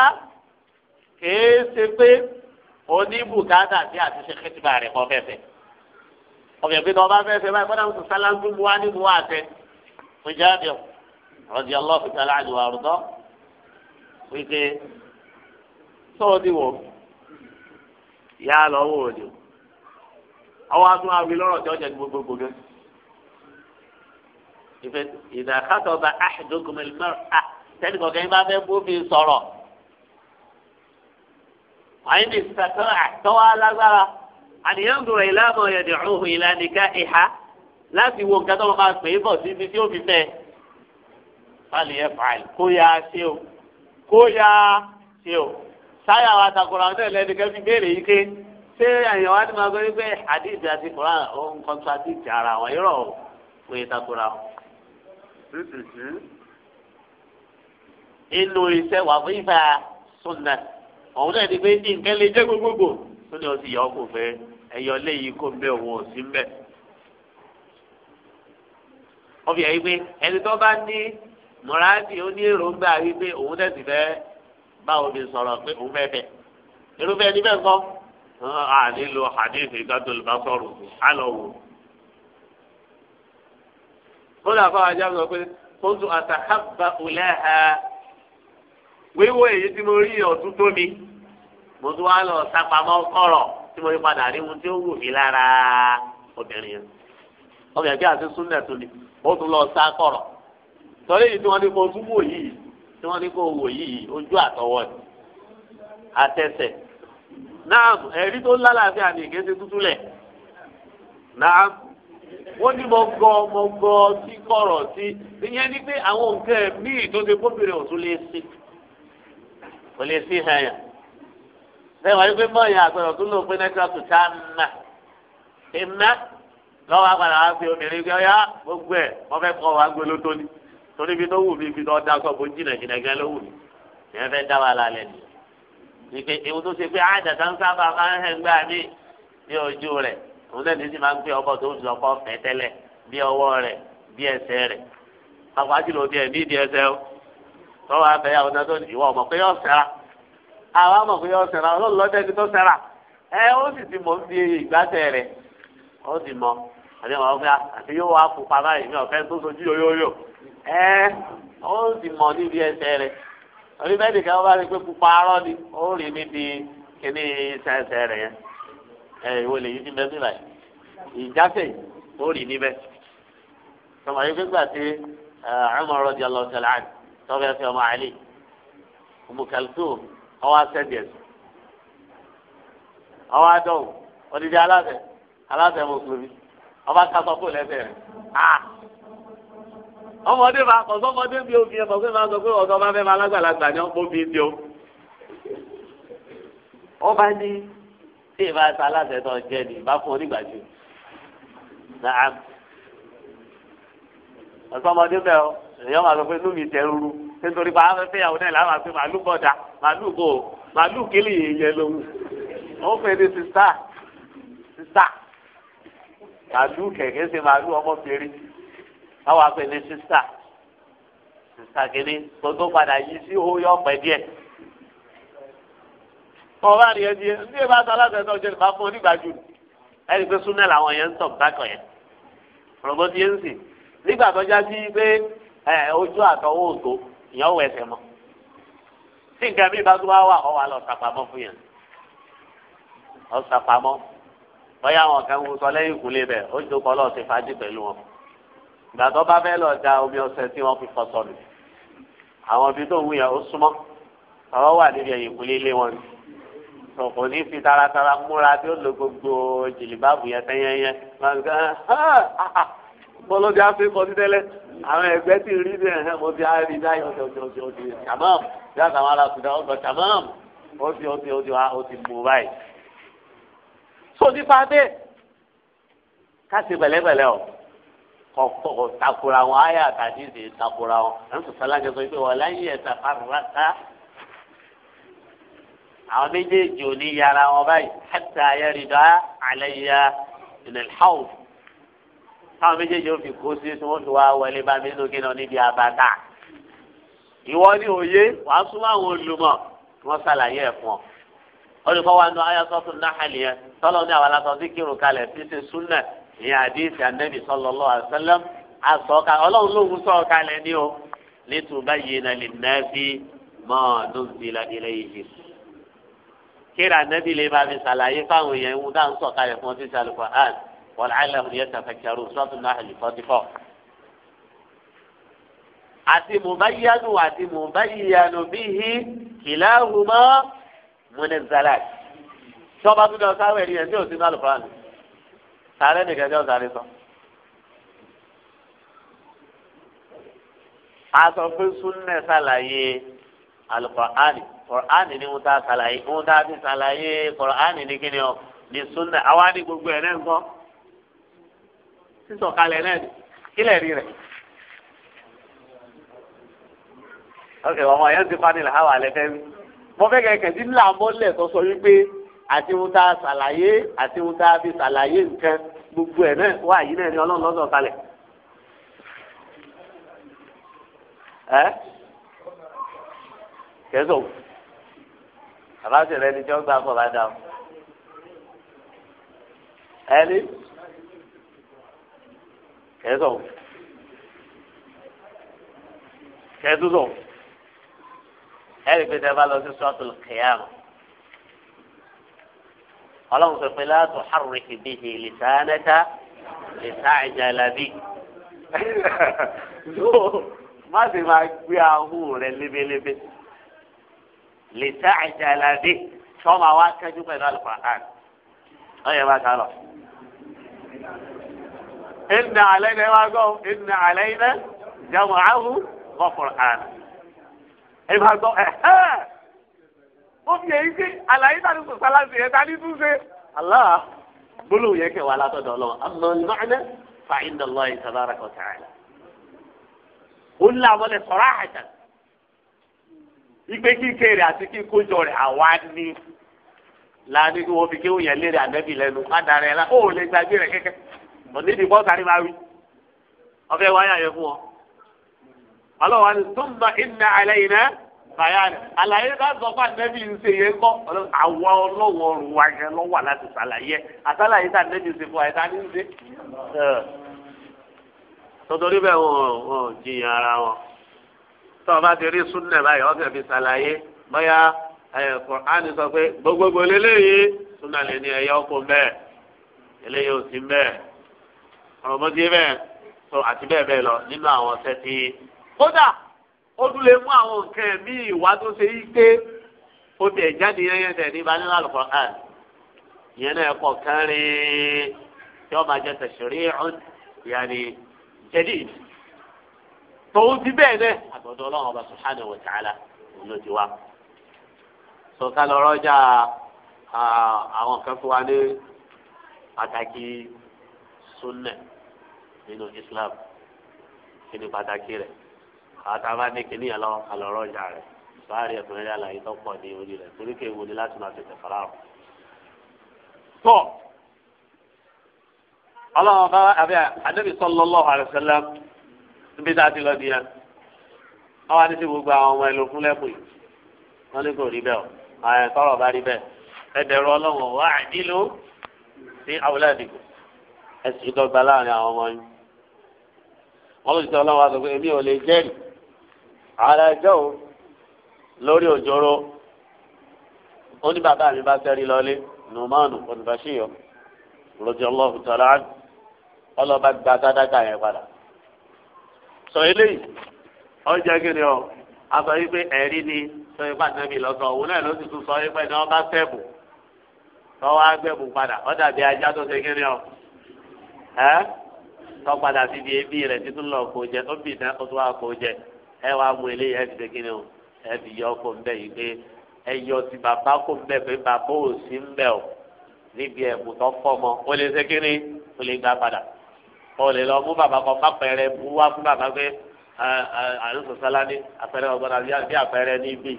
Speaker 2: kìí ṣe pé oníbùkátà sí àtúnṣe kẹ́tìbà rẹ̀ kọ́ fẹ́fẹ́. ọ̀bẹ̀ pé tó bá fẹ́fẹ́ báyìí fún jábìr rọ̀dí aláfi tàlá àdùn àrùtọ́ wípé sọ́wọ́ ti wọ̀ yá lọ wò ó di àwọn atún awi lọ́rọ̀ tí ọjà ní gbogbogbò gẹ́ ìfẹ́ ìdàkàtọ̀ bá àṣìdókòmẹ́lì mẹ́rin à sẹ́ni kọ̀ọ̀kan yín bá fẹ́ bófin sọ̀rọ̀ àyìn ní sàtọ́ àtọ́wá lágbára àníyàn dùrẹ̀ ìlànà yẹ̀dẹ̀ ọ̀hún ìlànà ìka ìhà láti wo nǹkan tó wọn máa pè é bọ̀ títí tí ó fi fẹ́ fàlì ẹ̀ fàlì kó yá ṣe o kó yá ṣe o sáyà wa takùrọ̀ àwọn tẹ̀lé ẹni kẹ́fí béèrè yìí ké ṣé àyàn wa ti máa gbé pé hadith àti Qur'an òun kọ́ntradíkì ara wọn irọ́ pé takùrọ̀ àwọn. inú iṣẹ́ wà fún ìfà sunna òun náà ni pé nǹkan lè jẹ́ gbogbogbò tó ní o ti yọ ọkùnrin ẹ̀yọ́ lé yìí kó ń òun ò sí ń wọ́n fi hàn wípé ẹni tó bá ní mọ̀rádì ó ní èròǹgbà wípé òun tẹ̀sí fẹ́ bá omi sọ̀rọ̀ pé òun fẹ́ fẹ́ irúfẹ́ ẹni bẹ́ẹ̀ kọ́ à nílò hadith ìgbàdùn lùbá sọ̀rọ̀ á lọ wò. kódà fáwọn ajá sọ pé kóńtù àtàkàbà òlẹ́ ha wíwọ èyí tí mo rí ọ̀tún tó mi mo tún wá lọ sápamọ́ kọ̀rọ̀ tí mo rí padà rí ohun tí ó wù mí lára obìnrin yẹn ọmọ yẹn kí àti súnlẹ̀ tó ni. ó tún lọ sá kọrọ torí èyí tí wọ́n ní kó tún wò yìí tí wọ́n ní kó wò yìí ojú ni àtẹsẹ̀ náà ẹ̀rí tó lálàáfíà ní náà wọ́n ní mo gọ mo gọ sí kọ̀rọ̀ sí ìyẹn ní pé àwọn nǹkan míì tó ṣe kóbìnrin ò lè sí kò lè hàn yàn pé lò pé tá a lọ́wọ́ apàdà wá fi obìnrin gbé ọyá gbogbo ẹ̀ wọ́n fẹ́ kọ́ wa gbé lótó ni torí ibi tó wù mí ibi tó dá sọ bó jìnà jìnà gẹ́ ló wù mí ìyẹn fẹ́ dá wa lálẹ́ ni. ìpè ewu tó ṣe pé àjàtà ń sábà máa ń hẹ̀ gbà mí ní ojú rẹ̀ òun náà ní sì máa ń gbé ọkọ̀ tó ń lọ kọ́ fẹ́ tẹ́lẹ̀ bí ọwọ́ rẹ̀ bí ẹsẹ̀ rẹ̀ pàpà jùlọ bí ẹ̀ ní ìdí ẹsẹ̀ o tọ́wọ́ abẹ́yàwó náà tó ìwọ ọmọ pé yọ sẹ́ra àwọn ọmọ pé yọ sẹ́ra ọlọ́run àti àwọn ọgbà àti yóò wá kú báyìí ní ọ̀fẹ́ tó sojú yóyóyó ẹ ó sì mọ̀ níbi ẹsẹ̀ rẹ̀ orí bẹ́ẹ̀ bá rí pé pupa arọ́ ni ó rí níbi kíní ẹsẹ̀ rẹ̀ yẹn ẹ ìwọ lè yí sí bẹ́ẹ̀ nílà yìí ìjásẹ̀ ó rí níbẹ̀ tọmọ yìí fi gbà sí Umar radiyallahu ta'ala anhu tọ́fẹ́ fi ọmọ àlè Umm ọwọ́ asẹ́díẹ̀sì ọwọ́ adọ́wò odidi aláṣẹ aláṣẹ mùsùlùmí ọba kasọ kó lẹsẹ rẹ ọmọdé máa kọ sọmọdé bí omi ẹ mọ máa sọ pé ọsọ bá fẹ́ máa lágbàlagbà ni ọmọ mi ti o ọba ní tí ìbá ta aláṣẹ jẹ ní ìbá fún onígbà náà ọsọmọdé bẹ ọ èèyàn máa sọ pé inú mi tẹ rúru nítorí pa afẹ́fẹ́ ìyàwó náà làwọn àti màálù bọ̀dà màálù bò màálù kílì yẹn lòun ó fẹ́ ní sísá sísá màálù kẹ̀kẹ́ ṣe màálù ọmọbìnrin báwa pè ní sísà sísà kìíní gbogbo padà yí sí owó yọ ọ̀pẹ díẹ̀. wọn bá rí ẹni ní ìbá sọ aláṣẹ náà jẹ ìbá fún onígbàjú ẹni pé súnẹ làwọn yẹn ń tọ̀ bákan yẹn rògbò tí ń sìn nígbà tó já sí pé ojú àtọwọ́ òtó ìyẹn wọ ẹsẹ̀ mọ́ tí nǹkan mi ìbá tó bá wà ọ wà lọ sàpamọ́ fún yẹn ọ sàpamọ́ bóyá àwọn kan ń sọ lẹ́yìn ìkúlé rẹ̀ ó jókòó ọlọ́ọ̀ ti fàájì pẹ̀lú wọn. ìgbà tó bá fẹ́ lọ da omi ọṣẹ tí wọ́n fi fọṣọ nù àwọn ibi tó wù yẹn ó súnmọ́ ọ̀rọ̀ wà níbi ẹ̀yìn ìkúlé ilé wọn. kò ní fi taratara múra tí ó lo gbogbo jìlìbáàbù yẹn tẹ́yẹ́yẹ́ bọ́lọ́ bí a fi kọ́ sí tẹ́lẹ̀ àwọn ẹgbẹ́ ti rí ní mo ti rí ní ayọ̀ so nípa bẹ́ẹ̀ ká ṣe pẹ̀lẹ́pẹ̀lẹ́ o kọ̀ọ̀kọ̀ takura wọn ayé àtàdé ìdè takura wọn ẹ̀ ń sọ̀tà láti sọ pé wọ́n láyé ẹ̀ tàfàràtà àwọn méjèèjì ò ní yára wọn báyìí hàtà ayẹ́rìndá àlẹ́yà ìlẹ̀lẹ́hàwù táwọn méjèèjì ó fi kó sí tí wọ́n fi wá wọlé bá mi lókè náà níbi abata ìwọ ní òye wàá súnmọ́ àwọn olùmọ̀ wọ́n ṣàlàyé ẹ̀ fún ọ olùkọ́ wa nù ayé sọ́tún náà hàn yẹn tọ́lọ́ ní àwọn aláṣọ síkírù kalẹ̀ títí súnà ní àdìsí ànẹ́bì sallallahu alaihi wasallam àsọ̀ọ́ka ọlọ́run lóhùn sọ̀ọ́ kalẹ̀ ní o litubayyina lin-nasi ma nuzila ilayhim. kíra ànẹ́bì lè máa fi ṣàlàyé fáwọn èèyàn ìwúdà ń sọ̀ kalẹ̀ fún ọtí sàlùkọ́ àn wọ́n láìlẹ̀ ọ̀hún yẹn tafakkarun sọ́tún náà àlùfọ́tífọ́. àti mubayyanu àti mubayyanu bihi kìláhùmọ́ munazzalat tí wọn bá tún dán sáré ẹni yẹn tí ò sí ní ni sáré nìkan tí wọn sáré sọ. aṣọ pé súnnẹ ṣàlàyé alùpùpù kọ̀rọ̀ánì ni wọ́n ta ṣàlàyé wọ́n ta fi ṣàlàyé kọ̀rọ̀ánì ni ni ọ ni súnnẹ àwa ni gbogbo ẹ̀ náà ń kọ́ sísọ̀kalẹ̀ náà ni kílẹ̀ rí rẹ̀. ọkẹ́ ọmọ yẹn ti fa nílẹ̀ hàwà lẹ́fẹ́ mi mo fẹ́ kẹ̀kẹ́ sí ńlá mọ́lẹ̀ tó wípé àti wọn tá a ṣàlàyé àti wọn tá a fi ṣàlàyé nǹkan gbogbo ẹ̀ náà wà yìí náà ní ọlọ́run lọ́sọ̀ kalẹ̀. ẹ kẹsàn án àbáṣe rẹ ni tí wọn gbà kọ bá dáa ẹni kẹsàn án kẹsàn án ẹni pé tẹ bá lọ sí sọ́ọ̀tù kẹyàmù ọlọ́run sọ pé láàtò hárùkì bíi lìsánẹ́tà lìsáàjàlábì. má sì máa gbé ahùn rẹ lébélébé lìsáàjàlábì sọ́mà wá kẹ́jú pẹ̀lú àlùfáàn. ọ̀yẹ̀ bá kálọ̀. إن علينا واقوم إن علينا جمعه وقرآن.
Speaker 1: إبهاء ó fi èyí sí àlàyé tàbí sọ̀sálà sí ẹ̀ta ní túnṣe.
Speaker 2: Allah gbólóhùn yẹn kẹwàá látọ̀dọ̀ ọlọ́run àmọ́ ìmọ̀ọ́nẹ́ fa inda Allah tabaraka wa ta'ala. ó ń làwọn lẹ sọ̀rọ̀ àjà ìgbé kíkẹ́ rẹ̀ àti kíkójọ rẹ̀ àwa ni láàánú kí wọ́n fi kéwòn yẹn léèrè ànẹ́bì lẹ́nu ádàrẹ́ la ó lè gbàgbé rẹ̀ kẹ́kẹ́ ọ̀nídìí bọ́ sáré máa wí ọ̀fẹ́ wáyà yẹn fún ọ. ọlọ́wọ́ ni thumma inna alayna bayani àlàyé bá sọ fún anabi nse yẹn kọ àwa ọlọ́wọ́ ruwa yẹn lọ́wọ́ láti sàlàyé àtàlàyé tá anabi nse fún àyíká ní nse. tọ́tọ́rí bẹ́ẹ̀ wọ́n wọ́n jiyàn ara wọn tọ́ ọ bá ti rí súnnà báyìí ọ̀sẹ̀ fi sàlàyé bóyá Kùránì sọ pé gbogbogbò lélẹ́yìí súnnà lè ní ẹ̀yà ọkọ̀ bẹ́ẹ̀ eléyìí ò sí bẹ́ẹ̀ ọ̀rọ̀ bó ti bẹ́ẹ̀ àti bẹ́ẹ̀ bẹ́ẹ̀ lọ nínú àwọn ọ̀sẹ̀ tí kódà ó tún lè mú àwọn nǹkan ẹ̀mí ìwà tó ṣe yí pé ó tẹ̀ jáde yẹn yẹn tẹ̀ ní ìbá nínú àlùkò àn ìyẹn náà ẹ̀kọ́ kan rí tí wọ́n máa jẹ tẹ̀sírí ọ̀hún yàrá jẹ́dí tòun ti bẹ́ẹ̀ náà àgbọ̀dọ̀ ọlọ́run ọba subhanahu wa ta'ala òun ti wá sọ̀tà lọ́rọ́ jà àwọn kan fún wa ní pàtàkì sunnah nínú Islam kí ni pàtàkì rẹ̀ àwọn tá a bá ní kinní yẹn lọ àlọ́rọ̀ ọjà rẹ̀ sọ́ọ́rì ẹ̀kúnrẹ́rẹ́ àlàyé tó pọ̀ ní orí rẹ̀ torí kéwu ni láti máa tètè fara hàn. tó ọlọ́run bá àbí àdébí sallallahu alaihi wasallam níbi tá a ti lọ nìyẹn wọ́n wá ní sí gbogbo àwọn ọmọ ẹlòkún lẹ́kùn yìí wọ́n ní kò rí bẹ́ẹ̀ o àyẹ̀ tọrọ bá rí bẹ́ẹ̀ ẹ bẹ̀rù ọlọ́run wá àdílò sí awoládìgò ẹ sì dọ́gba láàrin àwọn ọmọ yìí wọ́n lọ sí ọlọ́run wa sọ pé èmi ò lè jẹ́rìí àràjọ o lórí òjòrò ó ní bàbá mi bá sẹ́rí lọlé nùmánù oníbàṣíyọ lójú ọlọ́run tọ́lá ọlọ́ba gba sádàkà yẹn padà sọ eléyìí kí ni ọ a sọ pé ẹ̀rí ni sọ yìí pàṣẹ mi lọ́sọ̀ òun náà ló sì tún sọ yìí pé ni wọ́n bá sẹ́ẹ̀bù padà ajá tó ṣe kí ni ọ tọ́ padà ebi rẹ̀ títún lọ kó jẹ bì ó ẹ wá mú eléyìí ẹ fi ṣe kíni o ẹ fi yọ ọkọ ńbẹ yìí pé ẹ yọ ti bàbá kó ńbẹ pé bàbá ò sí ńbẹ o níbi ẹ̀bùn tó fọmọ ó lè ṣe kíni ó lè gbà padà ó lè lọ mú bàbá kan fàpẹrẹ bú wá fún bàbá pé àlùsọ sálání àpẹrẹ ọgbọnà bí àpẹrẹ níbí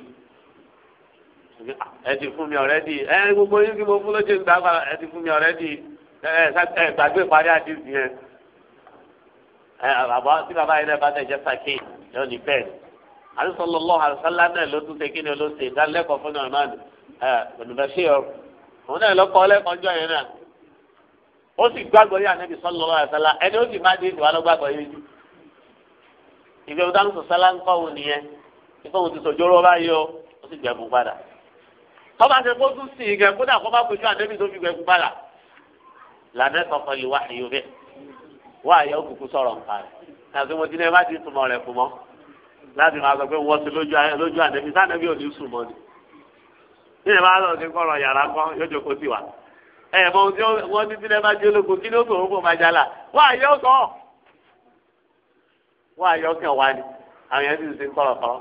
Speaker 2: ẹ ti fún mi ọ̀rẹ́dì ẹ gbogbo yín kí mo fún lójú ìgbà padà ẹ ti fún mi ọ̀rẹ́dì ẹ gbàgbé parí àdìsí yẹn ẹ bàbá tí bàbá yẹn náà bá tẹ̀ jẹ́ sàkéyì. yóò ní bẹ́ẹ̀ ni àdìsọ́lọ́ lọ́wọ́ na náà ló tún ṣe kí ni ló fún náà náà ẹ̀ na ọ̀rọ̀ òun náà lọ́kọ́ lẹ́kọ̀ọ́jọ́ yẹn náà ó sì gbàgbọ́ yà níbi sọ́lọ́lọ́ àṣàlá ẹni ó sì má dé ìgbẹ́ òun òun nìyẹn òun ti báyìí ó ó sì padà tọ́ba ṣe kó tún sí bá pèsè tó fi padà lànà sọ̀rọ̀ nǹkan rẹ̀ tàbí mo ti ní ẹ bá ti túmọ̀ rẹ̀ fún mọ́ láti máa sọ pé wọ́n ti lójú lójú ànẹ́bí sànẹ́bí ò ní sùn ni bí bá lọ sí kọ́rọ̀ yàrá kan yóò jókòó sí wa ẹ mọ ohun tí wọ́n ti ní ẹ bá jẹ́ ológun kí ni ó tòun kò máa jalà wọ́n àyọ́ sọ wọ́n àyọ́ kàn wá ni àwọn yẹn ti sì kọ́rọ̀ kọ́rọ̀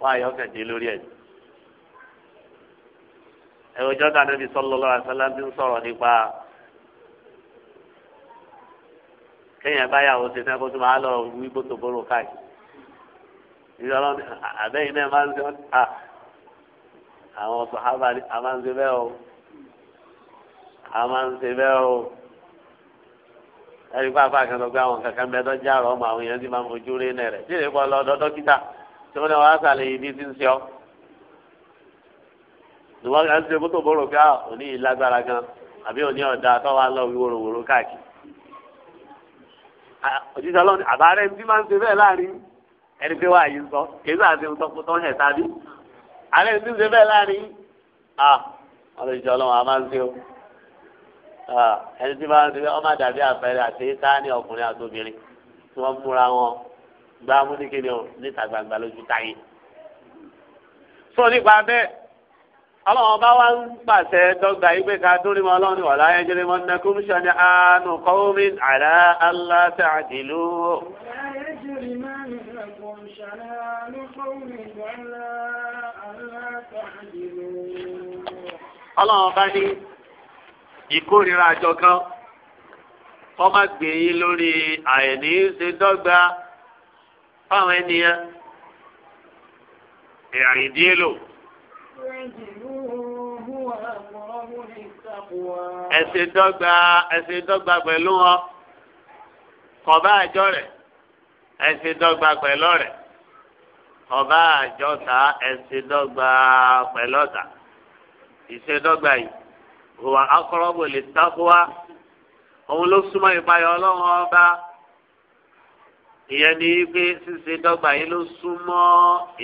Speaker 2: wọ́n àyọ́ kàn dé lórí ẹ̀ ẹ̀rọ jọ́ta ànẹ́bí sallallahu téèyàn báyàwó ṣe fẹ́ kó tó máa lọ wí bó tó bóró káàkiri ìrọ̀lọ́ àbẹ́yìn náà máa ń ṣe à àwọn sọ̀hábà a máa ń ṣe bẹ́ẹ̀ o a máa ń ṣe bẹ́ẹ̀ o ẹ̀rí pàápàá kan lọ gbé àwọn kankan bẹ́ẹ̀ tó já àrọ̀ ọmọ àwọn èèyàn ti máa ń fojú rí nẹ̀ rẹ̀ tí èdè kọ́ lọ dọ́dọ́ tí wọ́n náà wá sàlẹ̀ ibi tí ń ṣe ọ́ ìwọ́n kan ṣe bó tó bóró ká òní ìlágbára gan àbí òní ọ̀dà tó wá lọ wíwòròwòrò káàkiri òjijì ọlọ́run àbárẹ́ bí máa ń ṣe bẹ́ẹ̀ láàrin ẹni pé wàá yìí ń sọ kì í sáà ṣe ń sọ kó tó ń hẹ̀ sábí àárẹ̀ bí ń ṣe bẹ́ẹ̀ láàrin òjijì ọlọ́run a máa ń ṣe o ẹni tí máa ń ṣe ọmọ àdàbí àpẹẹrẹ àti sáání ọkùnrin àti obìnrin tí wọ́n múra wọn gbá múnikẹ́ni níta gbangba lójú táyé. sọ nípa bẹ́ẹ̀ ọlọ́run ọba wa ń pàṣẹ dọ́gba yìí pé ká dúró mọ́ ọlọ́run wọ̀lá ẹjẹrẹ mọ́ ní kúrúṣọ́ ní àánú kọ́wọ́mí àlá aláṣẹ àdìlú. ọlọ́run ọba ní ìkórira àjọ kan wọ́n má gbé yín lórí àìní ṣe dọ́gba fáwọn ènìyàn ìrìn ẹ ṣe dọ́gba ẹ ṣe dọ́gba pẹ̀lú wọn kọba àjọ rẹ ẹ ṣe dọ́gba pẹ̀lú rẹ kọba àjọ ta ẹ ṣe dọ́gba pẹ̀lú ọ̀tá ìṣedọ́gba yìí òwà akọrọbù lè takuwa òun ló súnmọ́ ìpayọ Ọlọ́run ọba ìyẹn ni pé ṣíṣe dọ́gba yìí ló súnmọ́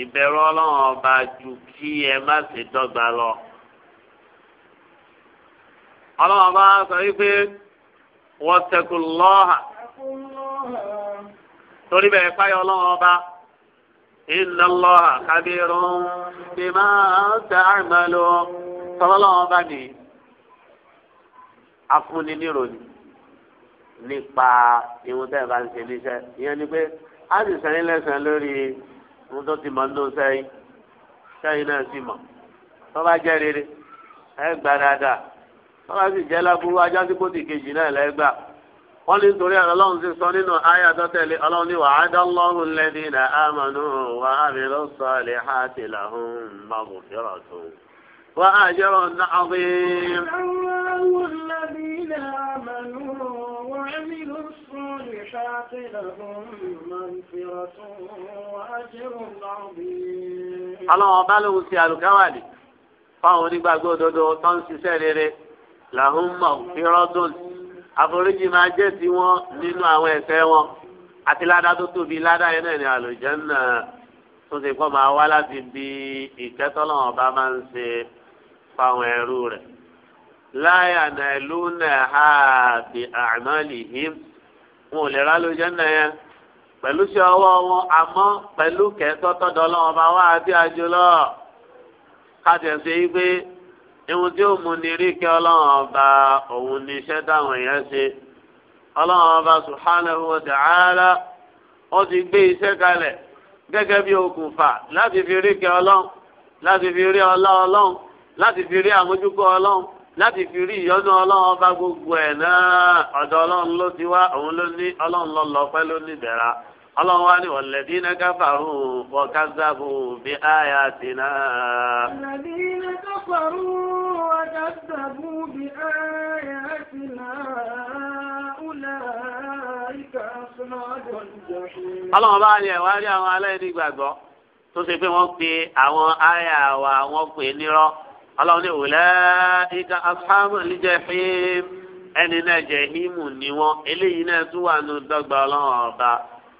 Speaker 2: ìbẹ̀rù Ọlọ́run ọba ju kí ẹ má ṣe dọ́gba lọ ọlọ́wọ́n bá sọ wípé wọ́n tẹ̀kù lọ́hà torí bẹ́ẹ̀ fáyọ̀ ọlọ́wọ́n ọba iná lọ́hà kábírún bí máa tẹ àmàlò tọ́lọ́wọ́n ọba ní afúnni níròyìn nípa ìwọ̀n tẹ́ ẹ bá ń ṣe níṣẹ́ ìyẹn ni pé a sì sẹ́yìn lẹ́sẹ̀ lórí ohun tó ti mọ̀ nínú sẹ́yìn sẹ́yìn náà sì mọ̀ tó bá jẹ́ rere ẹ gbà dáadáa wọn bá sì jẹ́ lábúrú ajá tí kò sì kejì náà lẹ́gbà wọ́n lè torí ọlọ́run ti sọ nínú àyà tọ́tẹ̀lé ọlọ́run ní wa'ada Allahu alladhina amanu wa 'amilu salihati lahum maghfiratun wa ajrun 'azim.
Speaker 1: الذين آمنوا وعملوا الصالحات لهم مغفرة وأجر عظيم. Ọlọ́run
Speaker 2: ọba ló ń ṣe àlùkáwàlì fáwọn onígbàgbọ́ òdodo tó ń ṣiṣẹ́ rere làwọn mọ̀ fírọ́dún àforíjì máa jẹ́ sí wọn nínú àwọn ẹ̀ṣẹ̀ wọn àti ládàá tó tóbi ládàá yẹn náà ní àlùjánnà tó ti kọ́ máa wá láti bí ìkẹ́tọ́lọ́ ọba máa ń ṣe fáwọn ẹrú rẹ̀ láyà náà ìlú náà ha ti àmọ́lì yìí wọn ò lè rà àlùjánnà yẹn pẹ̀lú sí ọwọ́ wọn àmọ́ pẹ̀lú kẹ́tọ́tọ́dọ́ ọlọ́wọ́n bá wá àti àjò lọ́ọ̀ ká tẹ̀ pé ewu tí ó mú ni rí kí ọlọ́run ọba òun ní iṣẹ́ táwọn èèyàn ṣe ọlọ́run ọba subhanahu wa ta'ala ó ti gbé iṣẹ́ kalẹ̀ gẹ́gẹ́ bí okùnfà láti fi rí ọlọ́run láti fi rí ọlá ọlọ́run láti fi rí àmójúkọ ọlọ́run láti fi rí ìyọ́nú ọlọ́run ọba gbogbo ẹ̀ náà ọ̀dọ̀ ọlọ́run ló ti wá òun ló ní ọlọ́run lọ́lọ́ pẹ́ ló ní ìdẹ̀ra ọlọ́run wá ní ọ̀lẹ́dí náà káfàrú ọ̀kánsábù bí àyà ti náà.
Speaker 1: ọ̀lẹ́dí náà káfàrú ọ̀kánsábù bí àyà ti náà. ọlọ́run
Speaker 2: bá ní ẹ̀wá rí àwọn aláìní gbàgbọ́ tó ṣe pé wọ́n pe àwọn àyà wa wọ́n pè nírọ́ ọlọ́run ní òlẹ́ ìka asámù níjẹ́ fíìm ẹni náà jẹ́ hímù ni wọ́n eléyìí náà tún wà nù dọ́gba ọlọ́run ọba.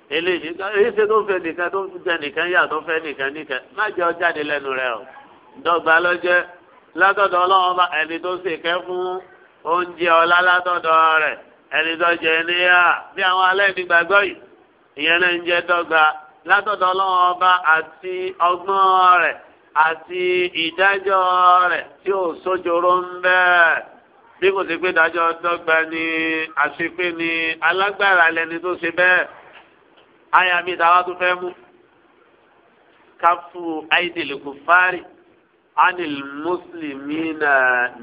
Speaker 2: eléyìí èyí ṣe tó ń fẹ́ nìkan tó ń jẹ nìkan yà tó ń fẹ́ nìkan nìkan má jẹ́ ọjáde lẹ́nu rẹ o dọ́gba lọ́jẹ́ látọ̀dọ̀ ọlọ́run bá ẹni tó ṣe fún oúnjẹ ọlá látọ̀dọ̀ rẹ̀ ẹni tó jẹ níyà bí àwọn aláìní gbàgbọ́ yìí ìyẹn náà ń jẹ́ dọ́gba látọ̀dọ̀ ọlọ́run ọba àti ọgbọ́n rẹ̀ àti ìdájọ́ rẹ̀ tí ò sójoro ń bí kò sí pé ni àṣepé àyà mi ìdáwà tó fẹ́ mú káfù àìdèlè kò fárì anil mùsùlùmí na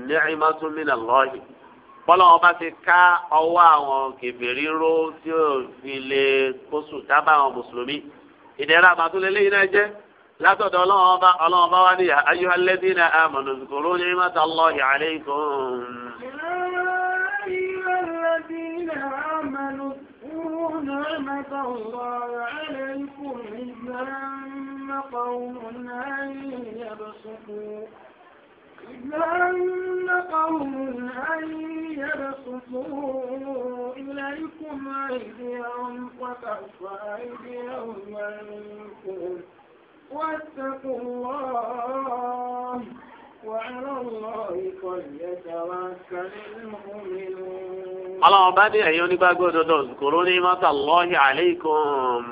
Speaker 2: ni'matúmínà wọn bá ti ká ọwọ àwọn kèbèrè ró tí ó fi lè kóṣù dábàá àwọn mùsùlùmí ìdẹ́rẹ́ àbátúlélẹ́yìn náà jẹ́ látọ̀dọ̀ ọlọ́wọ́n bá ọlọ́wọ́n bá wá ní ayuha alladhina amanu zukuru ni'matallahi
Speaker 1: نعمة الله عليكم إذ هم قوم أن يبسطوا إذ هم قوم أن يبسطوا إليكم أيديهم وكف أيديهم عنكم واتقوا الله ọlọ́run bá ní ẹ̀yin onígbàgbọ́
Speaker 2: òdodo kòró ní mọ́tà lọ́ọ̀hìn àlékún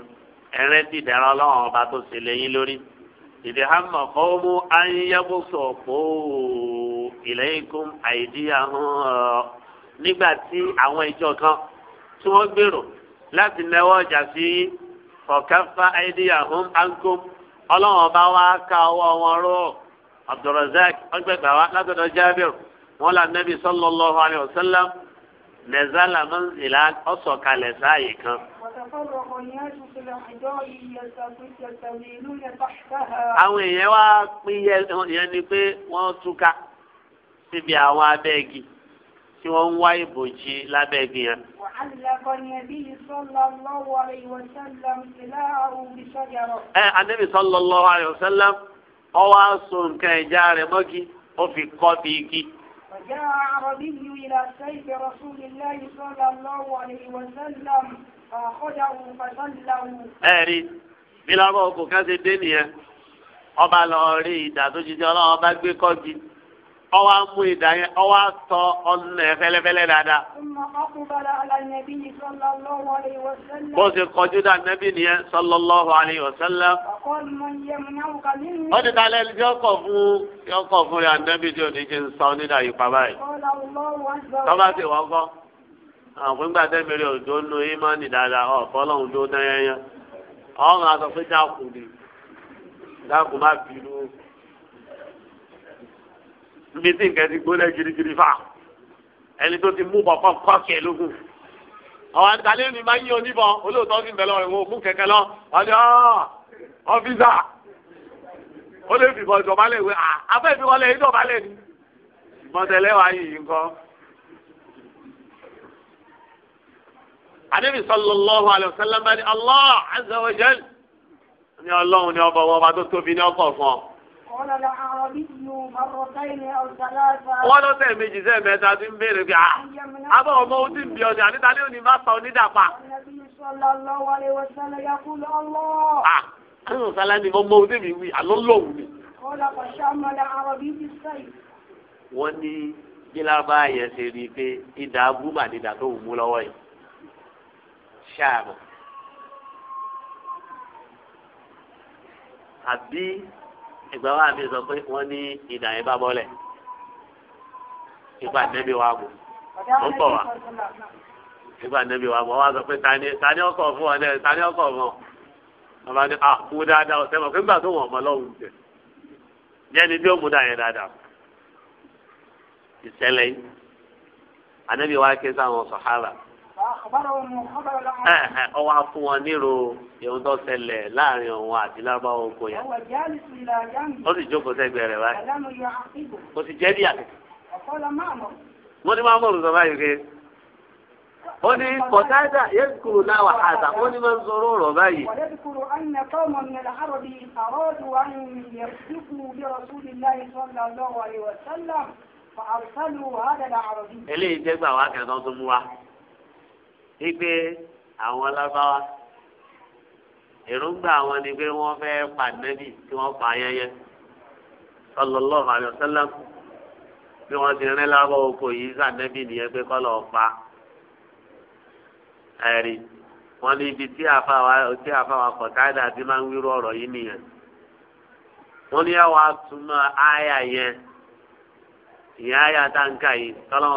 Speaker 2: ẹ̀rẹ́ ti dẹ̀rọ ọlọ́run ọba tó ṣe lẹ́yìn lórí ìdí hàmà kọ́ọ́mú ayébùsọ̀ pò ìlẹ́yìnkún àìdíyà hàn ọ́ nígbà tí àwọn ìjọ kan tí wọ́n gbèrò láti náwó ọjà sí ọ̀kẹ́fà àìdíyà hàn ánkó ọlọ́run ọba wa ká ọwọ́ wọn rọ́ọ̀ abdulrazak ọgbẹgbà wa látọ̀dọ̀ jábìr wọn là nẹbi sallallahu alayhi wa sallam nẹzala manzila ọsọkalẹ sáàyè kan.
Speaker 1: àwọn èèyàn wá
Speaker 2: pín yẹn ni pé wọ́n túká síbi àwọn abẹ́gi tí wọ́n ń wá ìbòjì lábẹ́gi yẹn. ẹ anabi sallallahu alayhi wa sallam ọwọ́ aṣọ nǹkan ẹ̀já rẹ̀ mọ́kì ó fi kọ́ bí igi.
Speaker 1: رسول الله صلى الله عليه وسلم فأخذه فسله.
Speaker 2: ẹ̀rí bí lọ́wọ́ kò ká ṣe dé nìyẹn ọba lọ rí ìdá tó jíjẹ ọlọ́wọ́ bá gbé kọ́gi ọwọ́ amú ìdá yẹn ọwọ́ atọ ọ̀nà ẹ̀ fẹ́lẹ́fẹ́lẹ́ dáadáa. bó ṣe kọjú dá nẹ́bí nìyẹn sallallahu alayhi wa sallam. wọ́n ti ta lẹ́nu tí ọkọ̀ fún ọkọ̀ fún rẹ̀ ànẹ́bí tí òní ṣe ń sọ nídà yìí pa báyìí. tọ́ba ti wọ́n kọ́ àwọn ìgbà tẹ́mẹ̀rẹ̀ òjò ń lo ìmọ̀ọ́nì dáadáa ọ̀pọ̀ ọlọ́run tó dán yẹn yẹn. ọ̀run aṣọ pé dákùn ni dákùn má bínú níbi tí nǹkan ti gbóná girigiri fà ẹni tó ti mú bọ̀ kọ́ kọ́ọ̀kì ẹ̀ lógún. àwọn àtàlẹ́ mi máa ń yí oníbọn olóòótọ́ sì ń bẹ̀ lọ́wọ́ ìwọ̀n òkú kẹ̀kẹ́ lọ wọ́n ní ah, ọ́fíìsà ó lè fìbọn ìdọ̀bálẹ̀ ìwé afẹ́ ah, ìfìbọnlẹ̀ ìdọ̀bálẹ̀ ni ìbọn tẹ̀lé wa yìí nǹkan. àdébì sallallahu alaihi wasallam ní
Speaker 1: Allah azza wa jal
Speaker 2: ní ọlọ́run ní ọba wọn ọba tó tóbi ní ọkọ̀ fún ọ
Speaker 1: wọ́n
Speaker 2: lọ sẹ́ẹ̀ méjì sẹ́ẹ̀ mẹ́ta tí ń béèrè pé
Speaker 1: àbọ̀ ọmọ ohun tí ń bí
Speaker 2: ọjà níta lé òní má pa onídàpá. àkàrùn sálá ni mo mọ ohun tí mi wí àlọ́ lòun ni. wọ́n ní bílábà yẹn ṣe rí i pé ìdá búbà ni ìdá tó wù mú lọ́wọ́ yìí. ṣáàbù àbí ìgbà wa mi sọ pé wọ́n ní ìdà yẹn bá bọ́lẹ̀ ìgbà nẹ́bí wa bò ó ń bọ̀ wá ìgbà nẹ́bí wa bò wá sọ pé tani ọkọ̀ fún ọ náà tani ọkọ̀ fún ọ bàbá ni ah mú dáadáa ọ̀sẹ̀ mọ̀ pé nígbà tó wọ̀n ọmọ lọ́wọ́ jẹ jẹ́ni bí ó mú dáa yẹn dáadáa ìṣẹ̀lẹ̀ yìí ànábì wa ké sáwọn sọ̀hálà
Speaker 1: ọwọ́ ah,
Speaker 2: afún ah, ah, wọn nírò ìhun tó ṣẹlẹ̀ láàrin òun àti lábáwọ̀ oko yẹn.
Speaker 1: ó sì jókòó sẹ́gbẹ̀ẹ́ rẹ̀ báyìí. kò sì jẹ́ bí àtẹ̀.
Speaker 2: wọ́n ní máa mọ̀ òrùn báyìí pé ó ní kọ̀tádà yẹn kúrò láwà àtà ó ní máa ń sọ ọ̀rọ̀ báyìí. eléyìí jẹ́ gbà wá kẹ́ńtọ́ tó mú wa. wípé àwọn alábáwá èròǹgbà àwọn ni pé wọ́n fẹ́ pa nẹ́bì tí wọ́n pa ayẹyẹ sallallahu alaihi bí wọ́n ti rìn lábọ́ oko yìí sá nẹ́bì nìyẹn pé kọ́ lọ́ọ́ pa wọ́n ní ibi tí àfàwà tí àfàwà ti máa ń wírú ọ̀rọ̀ yìí nìyẹn wọ́n ní àwọn atúmọ̀ àyà yẹn ìyẹn àyà táǹkà yìí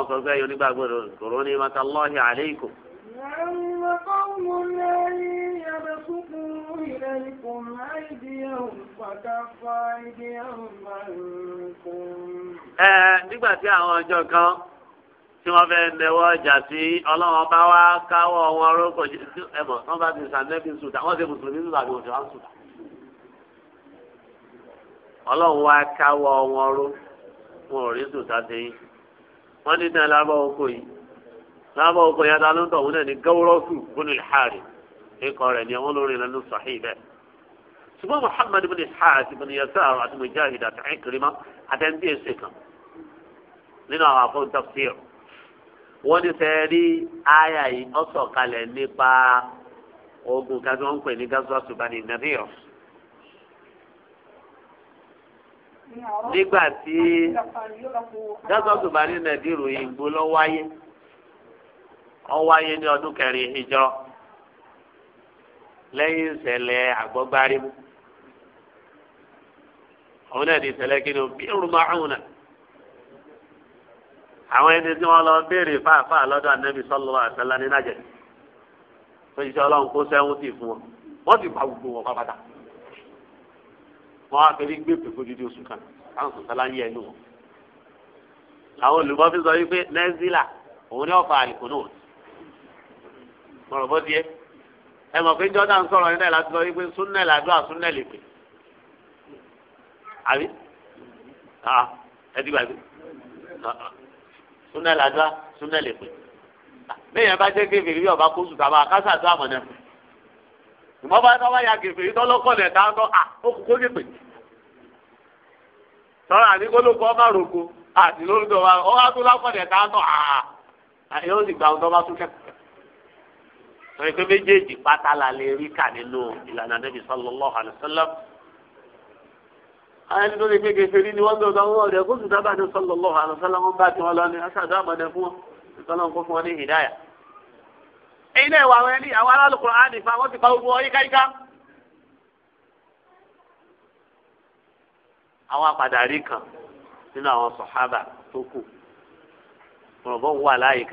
Speaker 2: sọ pé nígbàgbọ́dọ̀
Speaker 1: أم قوم أن يبسطوا إليكم أيديهم فكف أيديهم عنكم.
Speaker 2: nígbà tí àwọn ọjọ́ kan tí wọ́n fẹ́ nẹwọ́ ọjà sí ọlọ́wọ́n bá wá káwọ́ wọn rókò ẹ̀mọ̀ wọ́n bá ti sànẹ́bí sùdà wọ́n ti mùsùlùmí sùdà ní òjò wọn sùdà. ọlọ́run wá káwọ́ wọn ró wọn ò rí sùdà sí i wọ́n ní náà lábọ́ oko yìí. láàbà ọkọ̀ yàtọ̀ alóńtọ̀ òun ni wọ́n lórí lẹ́nu sàhíì bẹ́ẹ̀. muhammad bin ishaq bin yasar àti mujahid àti ikrima àtẹ̀ǹdí èsì kan nínú àwọn afọ́n tafsir wọ́n ní fẹ́ ogun subani nígbà tí ó wáyé ní ọdún kẹrin hijrọ lẹ́yìn ìṣẹ̀lẹ̀ àgbọgbárímù òun náà ní ìṣẹ̀lẹ̀ kí ni o bí irun márùn náà àwọn ẹni tí wọn lọ béèrè fáfáà lọ́dọ̀ anabi sọlọ àtàlà ní nàjẹ fún iṣẹ́ Ọlọ́run kó sẹwọn sì fún wọn wọn sì pa gbogbo wọn pápátá wọn á fẹẹ gbé pèpè dídí oṣù kan káwọn yẹ ẹnu wọn sọ wípé mọ̀rọ̀ bọ́ díẹ̀ ẹ mọ̀ pé jọ́dá ń sọ̀rọ̀ nílẹ̀ láti sọ wípé súnẹ̀ làdúrà súnẹ̀ lè pè àbí ẹ ti gbàgbé súnẹ̀ làdúrà súnẹ̀ lè pè bẹ́ẹ̀ bá jẹ́ kéfèé bí ọba kóṣù tàbá kásà tó àmọ̀ náà ìmọ̀ bá tọ́ bá ya kéfèé tọ́lọ́kọ̀ lẹ̀ tá a tọ́ à ó kú kó kéfèé tọ́lá àti kólókó ọba rògbò àti lórúkọ wa ó wá tó lákọ̀ lẹ̀ tá tọ́ à yóò sì gba ọ̀dọ́ torí pé méjèèjì pátá la lè rí kà nínú ìlànà Ànábì sallallahu alaihi wasallam ayẹni tó lè gbé kẹfẹrí ni wọn gbọ́dọ̀ wọn ọdẹ kó sùdá bàdé sallallahu alaihi wasallam wọn bá tiwọn lọ ní aṣáájú àmọdé fún wọn ìtọ́lọ́ nǹkan fún wọn ní hìdáyà. èyí náà wà wọn ẹni àwọn alálùkùrọ̀ á nìfà wọn ti pa gbogbo ọyí káyíká. àwọn apàdàrí kan nínú àwọn sọ̀hábà tó kù rọ̀bọ̀ wà láyé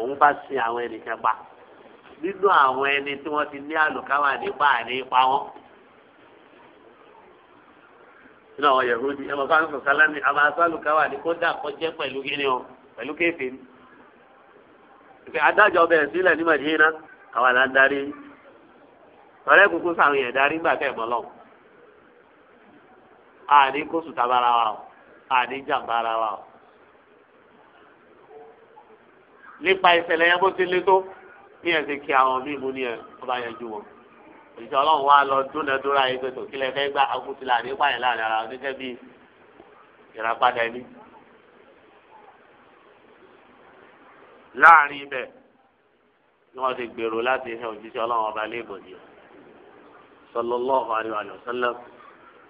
Speaker 2: òun bá sin àwọn ẹnìkan pa nínú àwọn ẹni tí wọ́n ti ní àlùkáwà nípa ànípa wọn. nínú àwọn yahudi ẹ̀ bàbá àwọn sọ̀sálá ni àwọn asálùkáwà ni kó dà kọjẹ́ pẹ̀lú kíni o pẹ̀lú kéfì ni. ìfẹ́ adájọ́ bẹ̀rẹ̀ sílẹ̀ ní Madina àwọn àlá ń darí ọ̀rẹ́ kúkú sàrùn yẹn darí ńgbà tẹ̀ mọ́ lọ́wọ́. àní kóṣù tabara àní jàǹbá nípa ìṣẹ̀lẹ̀ yẹn bó ti lé tó bí ẹ̀ ti kí àwọn míì mú ní ẹ̀ tó bá yẹn ju wọn. ìṣe ọlọ́run wa lọ dúnadúrà yìí pé tòkílẹ̀ fẹ́ gbá akutila nípa yẹn láàrin ara gẹ́gẹ́ bí ìràpadà ẹni. láàrin ibẹ̀ ni wọ́n ti gbèrò láti ṣe òjíṣẹ́ ọlọ́run ọba lé ìbòjì sallallahu alaihi wa sallam.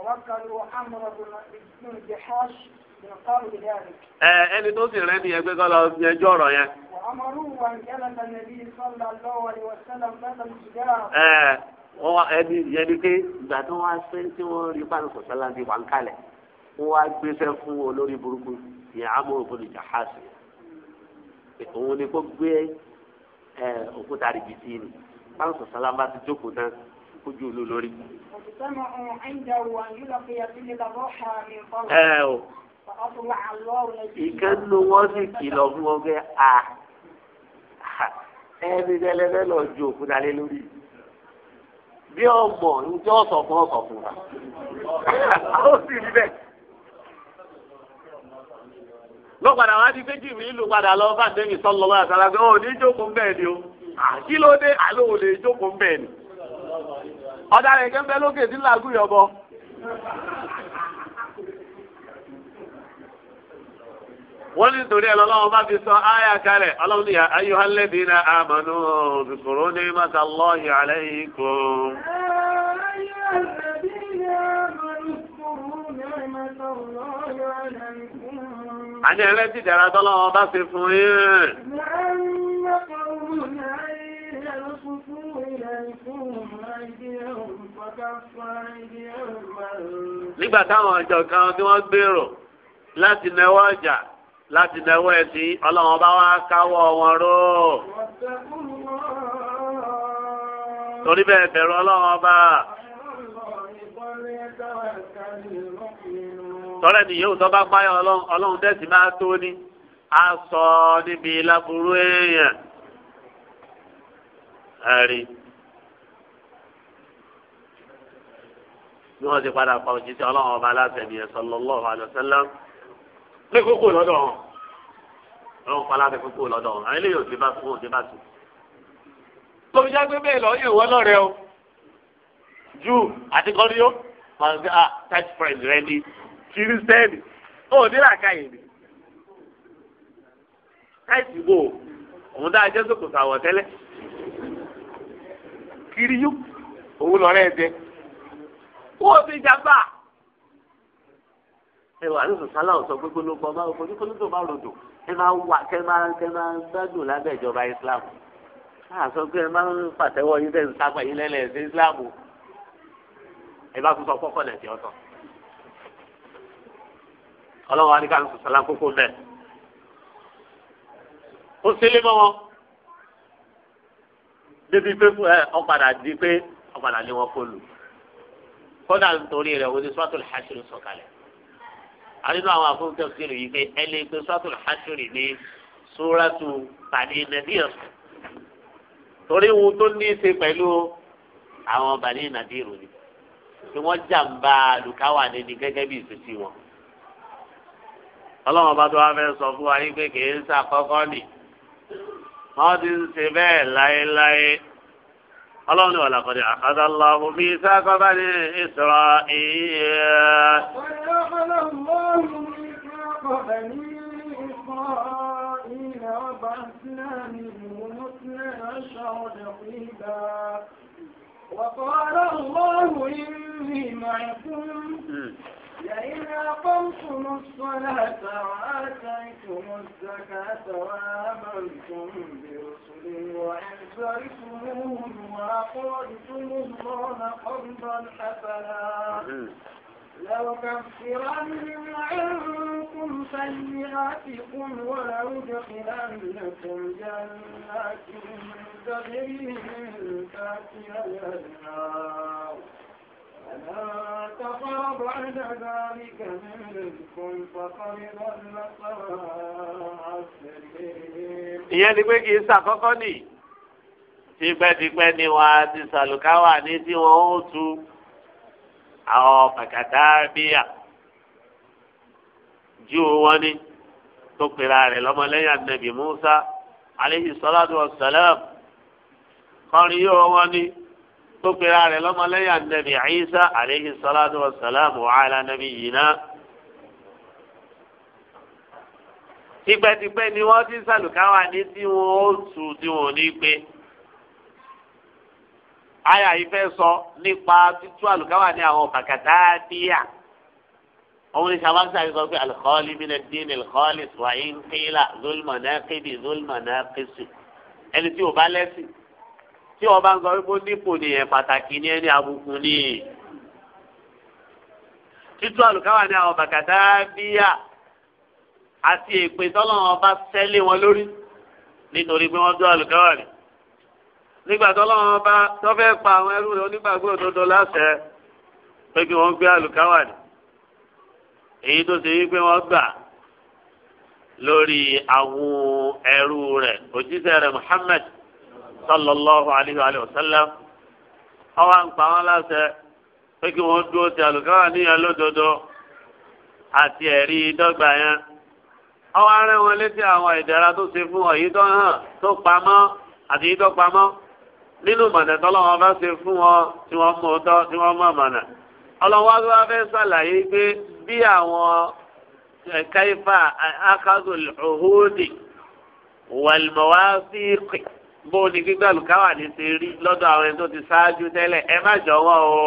Speaker 1: ووكلوا عمرو بن جحاش ẹni tó sì rẹ́ nìyẹn pé kọ́ lọ
Speaker 2: yanjú ọ̀rọ̀ yẹn.
Speaker 1: wọ́n
Speaker 2: wá ẹni yẹn ni pé ìgbà tó wá ṣe tí wọ́n rí pàṣẹ sọ́lá ti wà ń kalẹ̀ wọ́n wá gbéṣẹ́ fún olórí burúkú ìyẹn amúrò bọ́lù jàhásì òun ni kó gbé òkúta rìbìtì ni pàṣẹ sọ́lá bá jókòó náà. kójú olólórí.
Speaker 1: ẹ o ìkànnì wọn sì kìlọ̀
Speaker 2: fún wọn pé a ẹni tẹlẹfẹ lọ ju òkúta lé lórí bí ọmọ njẹ ọsọ fún ọsọ fún wa ó sì rí bẹ́ẹ̀ lọ́padà wá di méjì mi lù padà lọ bá débi sọ́lọ́lá àtàlágbé ọ̀ ní jókòó bẹ́ẹ̀ ni o kí ló dé àlọ́ òde jókòó bẹ́ẹ̀ ni. ọ̀daràn kẹ́ ń bẹ lókè sí làágùn yọ̀bọ. wọ́n ní torí bá fi sọ áyà kalẹ̀ ọlọ́run ní ayọ̀hálẹ́bí na àmọ́nú bìkúrú ní mọ́tà lọ́ọ̀yì aláìkùn. àní ẹlẹ́tì dára tọ́lọ́wọ́ bá fi fún yín. nígbà táwọn ọjọ́ kan tí wọ́n gbèrò láti náwó ọjà láti náwó ẹ̀sìn ọlọ́run bá wá káwọ́ wọn ró.
Speaker 1: torí bẹ́ẹ̀ bẹ̀rù
Speaker 2: ọlọ́run ọba. tọ́lẹ̀ nìyẹn òótọ́ bá páyọ̀ ọlọ́run tẹ̀sí máa tó ní a sọ níbi láburú èèyàn. ẹ̀rí. bí wọ́n ti padà pa òjíṣẹ́ ọlọ́run ọba aláṣẹ̀mí sallallahu alaihi wasallam
Speaker 1: ní kókó lọ́dọ̀ wọn
Speaker 2: ọlọ́run pa aláṣẹ kókó lọ́dọ̀ wọn àwọn eléyìí ò ti bá fún òde bá tù. tóbi já pé bẹ́ẹ̀ lọ́yìn ìwọ lọ́rẹ́ o jù àti kọ́ríyó pàṣẹ à tight friend rẹ ni kìrìsìtẹ́nì ó ní làákàyè ni. táìsì wo òun dáa jẹ́ sókòtò àwọ̀ kiri yó òun lọ́rẹ́ ẹ̀ wọ́n fi jàmbá. ẹ wà nísòsò sáláwù sọ pé gbólógbó ọba òfò nípa nígbà bá rodò ẹ máa wà kẹ máa kẹ máa gbádùn lábẹ́ ìjọba Islam káà sọ pé ẹ máa ń pàtẹ́wọ́ yín tẹ̀ ń sápá lẹ́lẹ̀ sí Islam ẹ bá tún sọ kọ́kọ́ lẹ̀ sí ọ̀tọ̀ ọlọ́wọ́ wa ní ká nísòsò sáláwù kókó bẹ́ẹ̀ ó sílé mọ́ wọn débi pé ọ̀padà di pé ọ̀padà lé wọn kó lù kódà nítorí rẹ̀ wọ́n ti sọ́tò lẹ́hásírì sọ̀kalẹ̀ àdínú àwọn àfọwọ́tẹ́ sírì yìí pé ẹ lè pe sọ́tò lẹ́hásírì ní sóràtù bàní nàdír torí wọn tó ní í ṣe pẹ̀lú àwọn bàní nàdír ni tí wọ́n jàǹbá lùkáwà nínú gẹ́gẹ́ bí ìṣesí wọn ọlọ́wọ́n bá tó wá fẹ́ sọ fún wa yìí pé kì í ṣàkọ́kọ́ nì wọ́n ti ń ṣe bẹ́ẹ̀ láéláé ọlọ́run ní wàlá kọ́ni àkàdá aláhùn mi sáàkọ́ bá ní ìsọ̀rọ̀ ìyẹ́.
Speaker 1: وقال الله إني معكم لئن أقمتم الصلاة وآتيتم الزكاة وآمنتم برسلي وإنزلتموهم وأقرضتم الله قرضا حسنا لو لأكفرن عنكم سيئاتكم ولأدخلنكم جنات تجري من تحتها الأنهار فما تقرب بعد ذلك منكم فقد ضل ìyẹn ni pé
Speaker 2: kì í ṣàkọ́kọ́ nì tipẹ́tipẹ́ ni wọ́n á ti sàlùkáwà ní tí wọ́n ó tu àwọn pàkàtà bíyà jù wọ́n ni tó pera rẹ̀ lọ́mọlẹ́yìn ànábì Musa aleyhi salatu wa salam kọrin yóò wọ́n ní tó pera rẹ̀ lọ́mọlẹ́yà nàbì Ìsá àleyhi sàlátù wa sàlámù àlà nàbì yìnyínà. tipẹ́tipẹ́ ni wọ́n ti sàlùkáwà ní tí wọ́n ó tù tí wọ́n ò ní gbé aya yìí fẹ́ sọ nípa títú àlùkáwà ní àwọn bàkàtà díà òun ni sábà ń sọ pé alikọ́ọ̀lì mílẹ̀ dín alikọ́ọ̀lì sùwàyí ń kéèlà zulmọ̀ náà kéde zulmọ̀ náà kéṣù ẹni tí ò bá lẹ́sìn tí ọba ń sọ wípé nípò nìyẹn pàtàkì ní ẹni ní ni títú àlùkáwà ní àwọn bàkàtà bíyà àti èpè tọ́lọ́wọ́n ọba sẹ́lẹ̀ wọn lórí nítorí pé wọ́n dún àlùkáwà ọba pa àwọn ẹrú onígbàgbọ́ òdodo láṣẹ pé kí wọ́n gbé àlùkáwà ni èyí tó ṣe wípé wọ́n gbà lórí àwọn ẹrú Muhammad. sallallahu alayhi wa sallam ọwọ́ ń pa wọn láṣẹ pé kí wọ́n dúró ti àlùkáwà níyàn lódodo àti ẹ̀rí dọ́gba yẹn ọwọ́ arẹ́ wọn létí àwọn ìdára tó ṣe fún ọ̀yí tó hàn tó pamọ́ àti yí tó pamọ́ nínú mọ̀nà tọ́lọ́wọ́n bá ṣe fún wọn tí wọ́n mú tọ́ tí wọ́n mọ̀ mọ̀nà ọlọ́wọ́ tó bá fẹ́ ṣàlàyé pé bí àwọn kaifa akadul uhudi wal mawasiqi bó o ní gbígbà lùkáwà ní ti rí lọ́dọ̀ àwọn ẹni tó ti ṣáájú tẹ́lẹ̀ ẹ má jọ̀wọ́ o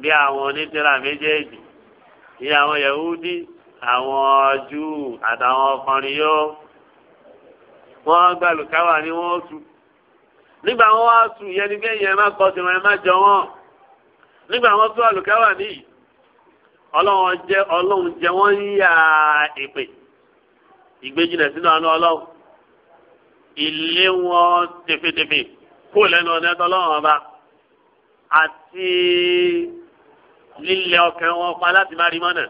Speaker 2: bí àwọn onítìrà méjèèjì bí àwọn yahudi àwọn júù àtàwọn ọkùnrin yóò wọ́n gbà lùkáwà ní wọ́n tu nígbà wọn wá tu ìyẹn ni bẹ́ẹ̀ yẹn má kọ́ sí wọn ẹ má jọ wọn nígbà wọn tó àlùkáwà níyì ọlọ́run jẹ ọlọ́run jẹ wọ́n yíya èpè ìgbéjìnà sínú àánú ọlọ́run ilé wọn tefetefe kó lẹ́nu ọ̀nà tọ́lọ́wọ́n ọba àti lílẹ̀ ọkàn wọn pa láti má rí mọ́nà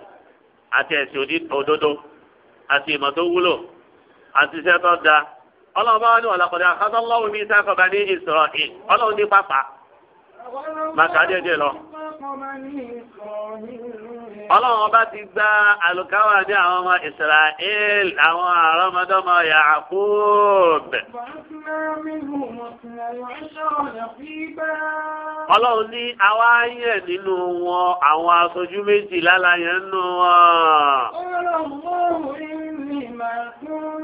Speaker 2: àti ẹ̀sìn òdodo àti ìmọ̀ tó wúlò àti iṣẹ́ tó da ọlọ́run bá wà ní ọ̀làkọ̀dá akásánlọ́wọ́ mi sá kọ̀ọ̀bá ní ìsọ̀rọ̀ ì ọlọ́run ní pápá
Speaker 1: màkà díẹ̀ díẹ̀ lọ ọlọ́run
Speaker 2: ọba ti gba àlùkáwà ní àwọn ọmọ israel àwọn àrọ́mọdọ́mọ yakub. ọlọ́run ní àwa yẹ̀ nínú wọn àwọn aṣojú méjì lálàyé nínú wọn.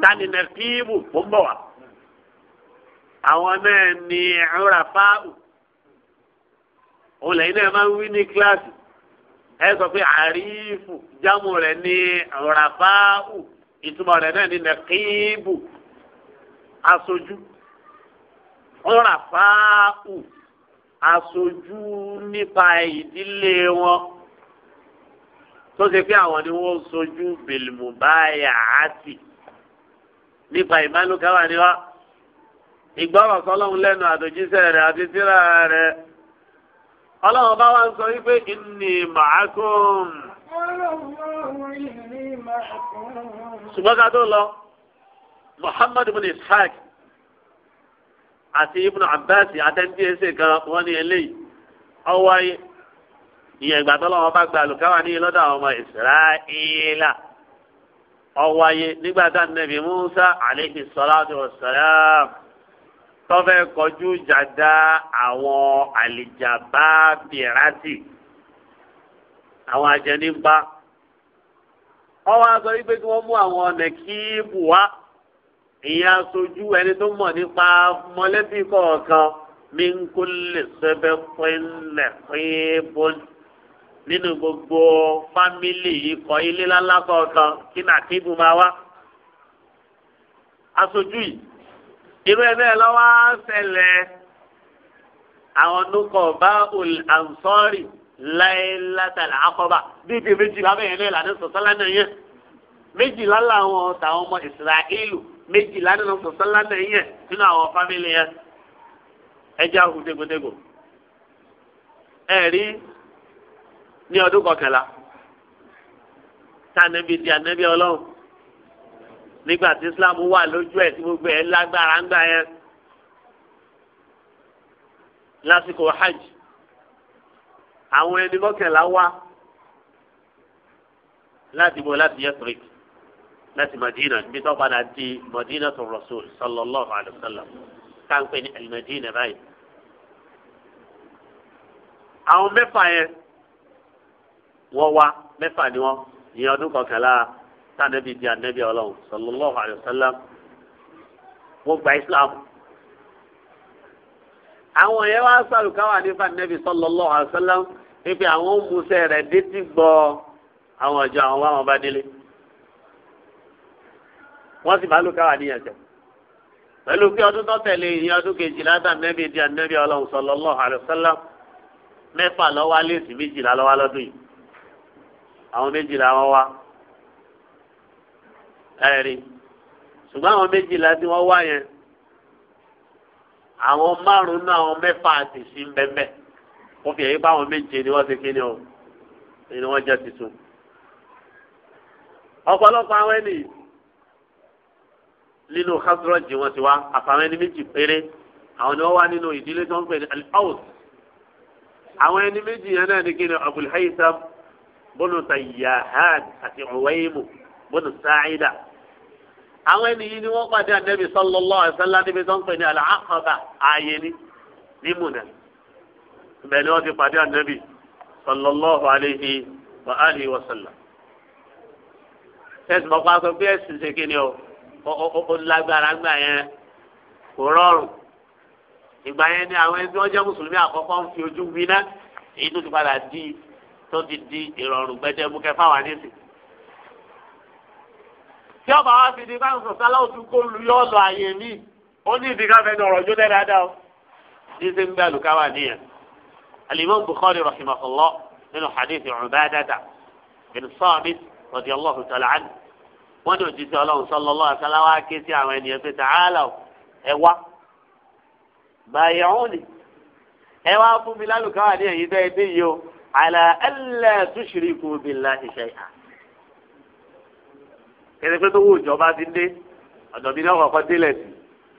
Speaker 2: tani nàkíbù ó ń bọ̀ wá. àwọn náà ní ẹ̀rọ ràfáà olè iná máa ń wí ní kíláàsì ẹ sọ pé àrífù jámù rẹ̀ ní ràfáù ìtumọ̀ rẹ̀ náà ní nàkíbù aṣojú ràfáù aṣojú nípa ìdílé wọn tó ṣe pé àwọn ni wọ́n ṣojú bèlmùbáyà àti nípa ìmánúkáwá ni wá ìgbọ́rọ̀ sọlọ́run lẹ́nu àtòjíṣẹ́ rẹ̀ àti tírà rẹ̀. ọlọ́run bá wá ń sọ wípé inni ma'akum. ṣùgbọ́n ká tó lọ Muhammad ibn Ishaq àti ibn Abbas àtẹ̀ntì ẹsẹ̀ kan wọ́n ní eléyìí ọwọ́ ìyẹn ìgbà tọ́lọ́wọ́n bá gba àlùkáwà ní Isra'ila ọwọ́ ayé nígbà tá Musa alayhi salatu tọ́fẹ́ kọjú jàdá àwọn àlìjàbá pìrátì àwọn àjẹnípa wọ́n wá sọ wípé kí wọ́n mú àwọn ọ̀nà kí bù wá ìyẹn aṣojú ẹni tó mọ̀ nípa mọ̀lẹ́bí kọ̀ọ̀kan mi ń kó lè sẹ́bẹ̀ pínlẹ̀ pínbọ́n nínú gbogbo fámìlì ikọ̀ ilé lálá kí nàkíbù máa wá aṣojú yìí irú ẹ bẹ́ẹ̀ lọ́wọ́ á ṣẹlẹ̀ àwọn nukọ̀ bá ul ansọ́rì láìlátàlá akọ́bà bíi ti méjìlá bẹ́ẹ̀ yẹn lẹ́la ní sọ̀tọ́lá náà yẹn méjìlá làwọn tàwọn ọmọ ìsirahílù méjìlá nínú sọ̀tọ́lá náà yẹn nínú àwọn fámìlì yẹn ẹja hù dégódégó ẹ̀rí ní ọdún kọkànlá tá a nẹ́bi di ànẹ́bi ọlọ́run nígbà tí islam wà lójú ẹ̀ tí gbogbo ẹ̀ lágbára ń gbà yẹn lásìkò hajj àwọn ẹni mọ́kànlá wá láti bọ̀ láti Yathrib láti Madina níbi tó padà di Madina tó Rasul sallallahu alayhi wa sallam káńpẹ́ ní al báyìí. àwọn mẹ́fà yẹn wọ́n wá mẹ́fà ni wọ́n ìyẹn ọdún kọkànlá sànẹ́bí di ànẹ́bí ọlọ́run sallallahu alaihi wasallam wọ́n gba islam. àwọn yẹn wá sọ̀rọ̀ káwá nípa ànẹ́bí sallallahu alaihi wasallam níbi àwọn òmùsẹ̀ rẹ̀ dé ti gbọ́ àwọn ọjọ́ àwọn wá wọn bá délé. wọ́n sì bá lù káwá níyàn jẹ́ pẹ̀lú pé ọdún tó tẹ̀lé ìyẹn ọdún kejìlá dànẹ́bí di ànẹ́bí ọlọ́run sallallahu alaihi wasallam mẹ́fà lọ́wọ́ alẹ́ sí méjìlá lọ́wọ́ lọ́dún yìí àwọn méjìlá wọn wá ẹ̀rí ṣùgbọ́n àwọn méjìlá tí wọ́n wá yẹn àwọn márùn-ún náà àwọn mẹ́fà àti sí ń bẹ́ẹ̀ wọ́n fi èyí bá àwọn méje ni wọ́n ti kí ni o ni wọ́n jẹ́ tuntun. ọ̀pọ̀lọpọ̀ àwọn ẹni nínú kásírọ̀jì wọn ti wá àfàwọn ẹni méjì péré àwọn ni wọ́n wá nínú ìdílé tó ń pè ní al àwọn ẹni méjì yẹn náà ni kí ni bọ́nù àti bọ́nù àwọn ènìyàn ni wọ́n pàdé ànábì sallallahu alaihi wasallam níbi tó ń pè ní al-Aqaba ààyè ni ní Mùnà bẹ́ẹ̀ ni wọ́n ti pàdé ànábì sallallahu alaihi wa alihi wasallam. tẹ́sí mọ́kọ́ aṣọ bí ẹ̀sìn ṣe kí ni o ó lágbára gbà yẹn kò rọrùn ìgbà yẹn ni àwọn ẹni tí jẹ́ mùsùlùmí àkọ́kọ́ ń fi ojú gbiná èyí tó ti padà di tó ti di ìrọ̀rùn gbẹdẹmukẹ fáwọn àníṣe tí ọba wa fi di káwọn sọ̀tà láwùjọ kó lu yọ ọ̀dọ̀ àyè mi ó ní ìdí káfẹ́ ní ọ̀rọ̀ jódẹ́ dáadáa o ní sẹ́ni bá lu káwa nìyẹn alimami bukhari rahimahullah nínú hadithi Ubadata bin Samit radiyallahu ta'ala anhu wọ́n ní òjijì ọlọ́run sallallahu alaihi wasallam ké sí àwọn ènìyàn pé ta'ala ẹ wá báyìí ẹ wá fún mi lálùkáwà ní ẹ̀yìn bẹ́ẹ̀ dé yìí o ala alla kẹsẹ̀ pé tó wù ìjọba ti dé ọ̀dọ̀ mi lọ́wọ́ kọ́ délẹ̀ sí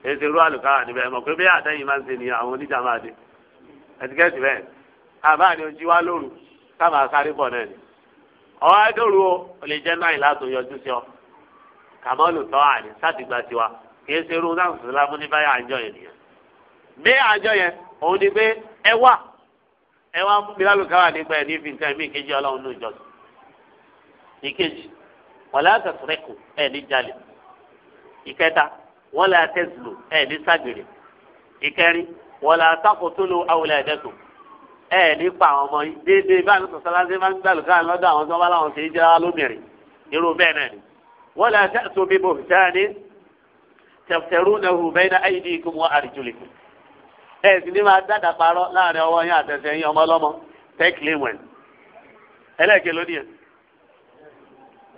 Speaker 2: èsì irú àlùkáwà níbẹ̀ mọ̀ pé bẹ́ẹ̀ àtẹ̀yìn máa ń ṣe nìyà àwọn oníjà máa dé ẹ̀tíkẹ́tì bẹ́ẹ̀ àbá ni ojú wa lóru ká máa sáré bọ̀ náà ni ọwọ́ adóru o ò lè jẹ́ náà ìlàtò yọjú sí ọ kàmọ́lù tọ́ àní sátìgbà tiwa kì í ṣe irú náà sùn lámú ní báyà àjọ yẹn nìyẹn bí àjọ yẹn òun ni pé ẹ wà ẹ wà fún mi lálùkáwà nígbà ẹ̀ ní fìtẹ́ mi ìkejì ọlọ́run ní ìjọsìn ìkejì wala tasriqu ẹ̀ ní jalè ìkẹta wala tazlu ẹ̀ ní ṣàgbèrè ìkẹrin wala taqtulu awladakum ẹ̀ ní pa àwọn ọmọ yìí déédéé báyìí sọ̀sálásí máa ń gbàlù káà lọ́dọ̀ àwọn tó ń bá láwọn ṣe é jẹ́ lómìnir irú bẹ́ẹ̀ náà ni wala ta'tu bi buhtanin taftarunahu bayna aydikum wa arjulikum ẹ sì ní máa dáadáa parọ́ láàrin ọwọ́ yín àtẹ̀sẹ̀ yín ọmọ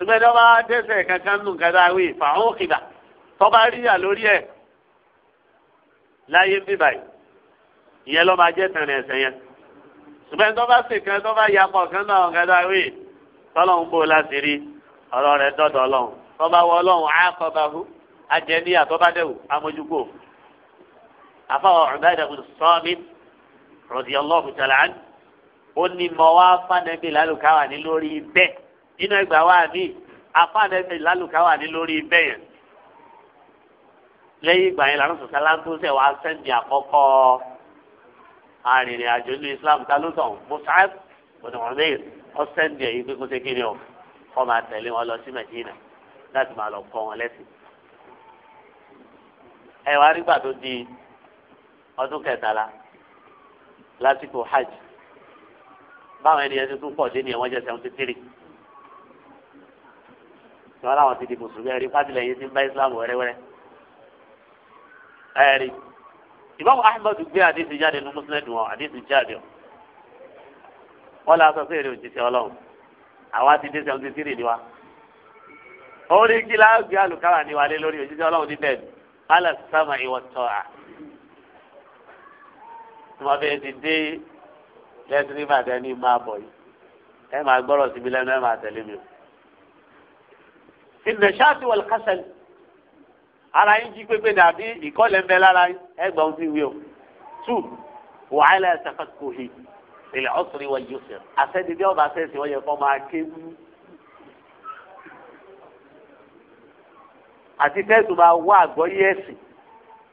Speaker 2: ṣùgbọ́n ẹni ọba dẹ́ṣẹ̀ kankan nù kẹta wí fàáhùn òkìlà tọ́ba ríyà lórí ẹ̀ láyé ń bíbà yìí ìyẹn lọ́ba jẹ́ tẹ̀rẹ̀ ẹ̀ṣẹ̀ yẹn ṣùgbọ́n ẹni tọ́ba sì kan tọ́ba yapọ̀ kan náà kẹta wí tọ́lọ́hún bò láti rí ọ̀rọ̀ rẹ̀ dọ́dọ̀ ọlọ́hún tọ́ba wọ ọlọ́hún á kọba hu ajẹ́níyà tọ́ba dẹ̀wò amójúgbò àfàwọ̀ ọ̀gbẹ́dẹ̀kùn sọ́ọ́ nínú ẹgbà wa ní afáàdẹ́sẹ̀ ìlálùkà wà ní lórí bẹ́ẹ̀ lẹ́yìn ìgbà yẹn làwọn sọ̀tà láńtọ́sẹ̀ wà sẹ́ni àkọ́kọ́ arìnrìn-àjò ní Islam ta ló tàn Mus'ab bin Umair ọ sẹ́ni ẹ̀yìn pé kó ṣe kí ni o kọ́ máa tẹ̀lé wọn lọ sí Medina láti máa lọ kọ́ wọn lẹ́sìn. ẹ wá rí gbà tó di ọdún kẹtàlá lásìkò hajj báwọn ẹni ẹni tó pọ̀ dé ni ẹ̀ wọ́n jẹ́ seventy three tí wọn làwọn ti di mùsùlùmí ẹrí fábílẹ̀ yìí ti ń bá islam wẹ́rẹ́wẹ́rẹ́ ẹ̀rí ìbáwọ̀ ahmed gbé àdéhùn jáde ní mùsùlùmí dùn ọ́ àdéhùn jáde ọ́ wọn là sọ pé èrè òjijì ọlọ́run àwa ti dé seventy three ni wa òun ní kí láàgbé àlùkáwà ni wa lé lórí òjijì ọlọ́run ní bẹ́ẹ̀ alẹ́ sàmà ìwọ tọ́ a tí wọ́n fẹ́ẹ́ ti dé lẹ́sìn nígbà tẹ́ ní máa bọ̀ yìí ẹ máa gbọ́rọ̀ síbi lẹ́nu ẹ máa tẹ̀lé mi o ìnàṣáàtì wọ̀lù kásẹ̀lì ara yín jí pépé dàbí ìkọ́lẹ̀ ń bẹ lára yín ẹgbà ń fi wí o tù wàhálà ẹsẹ̀ kò hì ilẹ̀ ọ̀sùn wọ̀ yóò fẹ́ àṣẹ́ni bí ọba àṣẹ́sì wọ́n yẹ fọ́ máa ké wú. àti tẹ́sù máa wá àgbọ́yé ẹ̀sìn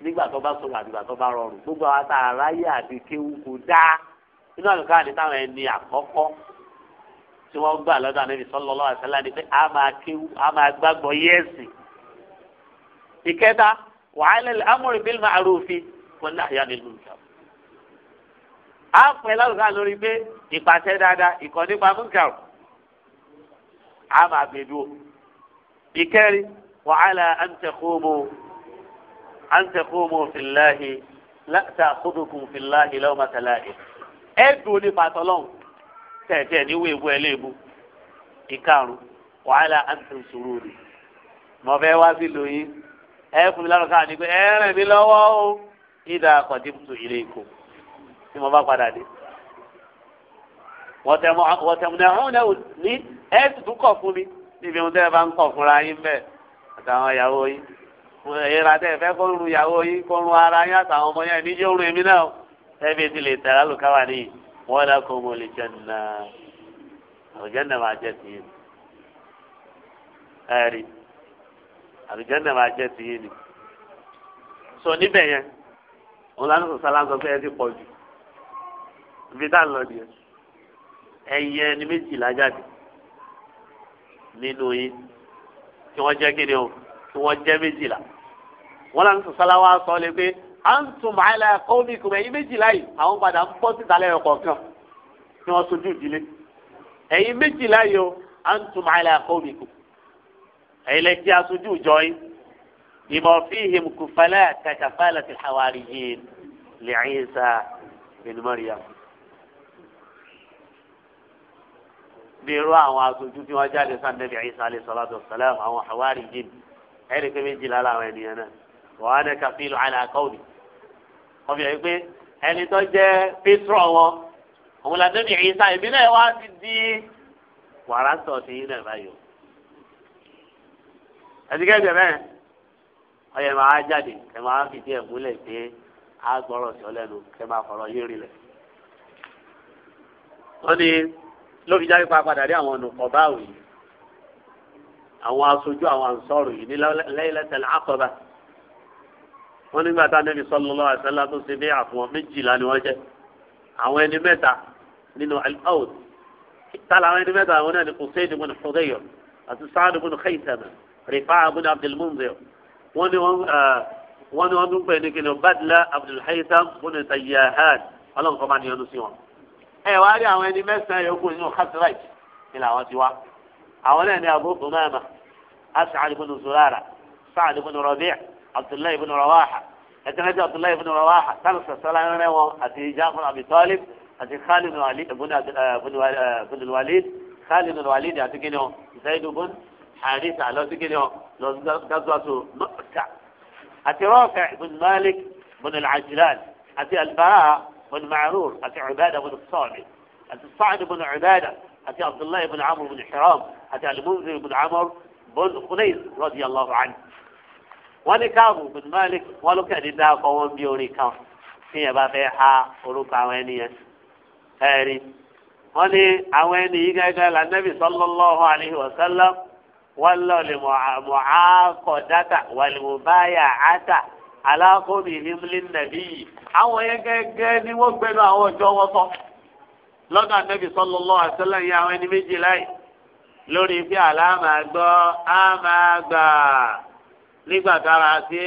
Speaker 2: nígbà tó bá sọ̀rọ̀ àdìgbà tó bá rọrùn gbogbo àwọn tá a àti kéwú kò dáa inú àlùkò àti táwọn ẹni àkọ́kọ́ tí wọ́n gbà lọ́dọ̀ ànábì sallallahu alaihi wasallam ni pé a máa kéwú a máa gbàgbọ́ yẹ́ẹ̀sì. ìkẹta wàhálà amúrin bíi máa rúfin wọn náà yá nínú ìjà. a fún ẹ lálùkà lórí pé ìpàṣẹ dáadáa ìkànnì pamukar a máa bèbí o. ìkẹrin wàhálà àǹtẹ̀kùmù àǹtẹ̀kùmù fìláhì látàkùdùkùn fìláhì lọ́wọ́ màtàláhì. ẹ dùn ní pàtọ́lọ́hùn. tẹ̀tí ẹ̀ ní wo ewu ẹ léèbu ìkarùn wàhálà antum sururi mọ̀ bẹ́ẹ̀ wá sí lóyún ẹ fún mi pé ẹ mí lọ́wọ́ o ìdá ìkó tí mo bá padà dé. wọ̀tẹ̀mùnà ọ̀hún náà ní ẹ sì tún kọ̀ fún mi níbi ohun tẹ́ ẹ bá ń kọ̀ fúnra yín bẹ́ẹ̀ àtàwọn ìyàwó yín kó ń ru ìyàwó yín kó ń ru ara yín àtàwọn ọmọ yẹn wọ́n lọ kó mo lè jẹ́nà àlùjẹ́nà máa jẹ́ ti yé ni ẹ̀rí àlùjẹ́nà máa jẹ́ ti yé ni sọ níbẹ̀ yẹn wọn lọ sọ sálá sọ pé ẹ ti pọ̀ jù ibi tá à lọ nìyẹn ẹyẹ ẹni méjìlá jáde nínú yín tí wọ́n jẹ́ kí ni o tí wọ́n jẹ́ méjìlá wọn lọ sọ sálá wa sọ lé pé antum ala qawmikum ẹ̀yin méjìlá yìí àwọn padà ń bọ́ síta lẹ́yìn kọ̀ọ̀kan ni wọ́n sojú ìdílé ẹ̀yin méjìlá yìí o antum ala qawmikum ẹ̀yin lẹ jẹ́ aṣojú ìjọ yìí bima fihim kufala kakafalati al-hawariyin li Isa bin Maryam. bí irú àwọn aṣojú tí wọ́n jáde sáà Nabi Isa alayhi salatu wassalam àwọn hawariyin ẹ̀rí pé méjìlá làwọn ènìyàn náà wọ́n á ní wọ́n fi hàn pé ẹni tó jẹ́ pétrọ̀ wọn òun làdé ní ìyíṣà ìbí náà wá ti di wàrà sọ̀ sí yín náà báyìí o. ẹ̀dígẹ́ ìgbẹ́ bẹ́ẹ̀ ọyẹ máa jáde kẹ máa fìdí ẹ̀ múlẹ̀ pé a gbọ́rọ̀ sí ọ lẹ́nu kẹ máa fọ̀rọ̀ yé rilẹ̀. wọ́n ní ló fi jáde pa padà rí àwọn ọ̀nùkọ̀ báwò àwọn aṣojú àwọn àǹsọ̀rọ̀ yìí ní lẹ́yìn lẹ́tẹ̀lẹ́ àkọ́bá wọn nígbà tá nẹbi sallallahu alaihi wasallam tó ṣe bí àfọwọn méjìlá ni wọn jẹ àwọn ẹni mẹ́ta nínú al-awd tala àwọn ẹni mẹ́ta àwọn náà ni Usayd ibn Hudayr àti Sa'd ibn Khaythama Rifa'a ibn Abdul wọn ni wọn wọn ni wọn tún ní kí Badla Abdul Haytham ibn Sayyahan Ọlọ́run kọ sí wọn. ẹ wá rí àwọn ẹni mẹ́sàn yòókù nínú Khazraj ni làwọn ti wá àwọn náà Abu Umama Ash'ath ibn Zurara Sa'd ibn Rabi' عبد الله بن رواحة أتنجى عبد الله بن رواحة كان صلى الله عليه وسلم أتي جعفر أبي طالب أتي خالد بن آه، آه، بن الوليد خالد الوليد أتي كنو زيد بن حارثة لو تكنو لو غزوة مكة أتي رافع بن مالك بن العجلان أتي البراء بن معرور أتي عبادة بن الصامت أتي الصعد بن عبادة أتي عبد الله بن عمرو بن حرام أتي المنذر بن عمرو بن خنيس رضي الله عنه wọ́n ní káàbù bùnmọ́lì wọ́n ló kẹ́ni dá ọkọ̀ wọn bí orin kan tí yẹn bá fẹ́ ha orúkọ àwọn ẹni yẹn ẹ̀rí wọ́n ní àwọn ẹni yìí gẹ́gẹ́ la nẹ́bí sallallahu wa sallam wọ́n lọ lè mọ̀ àkọ́ dátà wọ́n lè mọ̀ báyà átà alákòbí himlin nàbí yìí àwọn yẹn gẹ́gẹ́ ni wọ́n gbẹnu àwọn ọjọ́ wọn sọ lọ́dọ̀ nẹ́bí sallallahu alaihi wa sallam yẹn àwọn ẹni méjì láì nígbà tára sí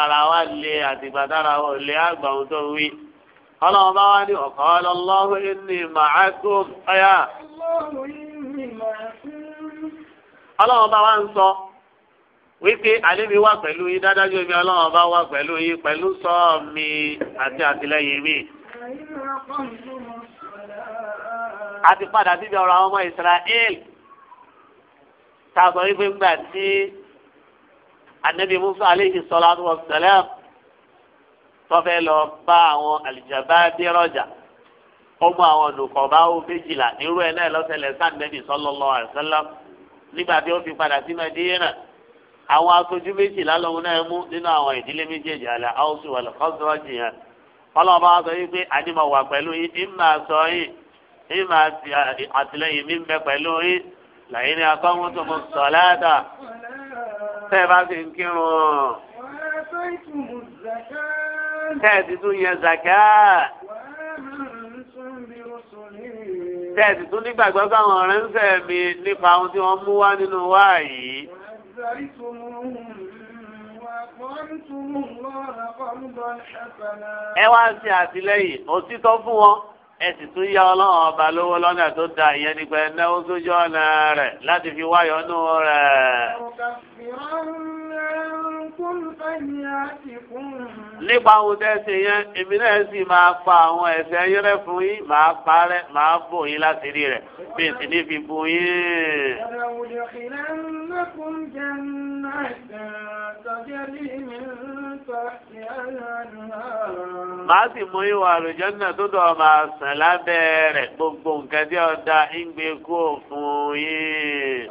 Speaker 2: ara wa lé àtìgbà tára wa lé àgbà ohun tó wí. ọlọ́run bá wá ní ọ̀kọ́ ọlọ́lọ́hún inni ma'akum ọ̀yà. ọlọ́run bá wá ń sọ wípé àlébi wà pẹ̀lú yín dádájú mi ọlọ́run bá wà pẹ̀lú yín pẹ̀lú sọ mi àti àtìlẹ́yìn mi. a ti padà àwọn ọmọ sọ wípé tí. anabi musa aleyhi salatu wa salam tọ́fẹ́ lọ bá àwọn àlìjàmbá dérọjà ọmọ àwọn olùkọ́ba ó méjìlá nírú ẹ̀ náà lọ́sẹ̀lẹ̀ sànẹ́bì sallallahu alaihi wasallam nígbà tí ó fi padà sí Mẹ́dínà àwọn aṣojú méjìlá lọ́wọ́ náà mú nínú àwọn ìdílé méjèèjì àlẹ́ áwùsù wal Khazraj yẹn ọlọ́run bá wá sọ yìí pé àdìmọ̀ wà pẹ̀lú yìí ní máa sọ yìí ní máa àtìlẹ́yìn mi ń yìí làyìn ni akọ́mọ́tò mo sọ̀ láàdà
Speaker 1: tẹ́ bá fi ń kírun.
Speaker 2: tẹ́ ẹ ti yẹ zaka. tẹ́ ẹ ti nígbàgbọ́ káwọn ọ̀rẹ́ ń sẹ̀ mi nípa ohun tí wọ́n mú wá nínú wá yìí. ẹ wá ń ṣe àtìlẹ́yìn òtítọ́ fún wọn ẹ sì tún yá ọlọ́run ọba lówó lọ́nà tó da ìyẹn nípa ẹ̀ náwó sójú ọ̀nà rẹ̀ láti fi wáyọ̀ nù rẹ̀. nípa ohun tẹ́ ṣe yẹn èmi náà sì máa pa àwọn ẹ̀ṣẹ̀ yín fún yín máa parẹ́ máa bò yín láti rí rẹ̀ bí n sì ní fi bu yín.
Speaker 1: ọ̀rọ̀ òdìkìlẹ̀ ń lọ́kùn jẹ́ náà ṣe àtọ́jẹ́ bí mi ń lọ. màá
Speaker 2: sì mú ìwà àlùjànnà tó dọ̀ máa sàn lábẹ́ rẹ̀ gbogbo nǹkan tí ọ̀dà ń gbé kú òfun yìí.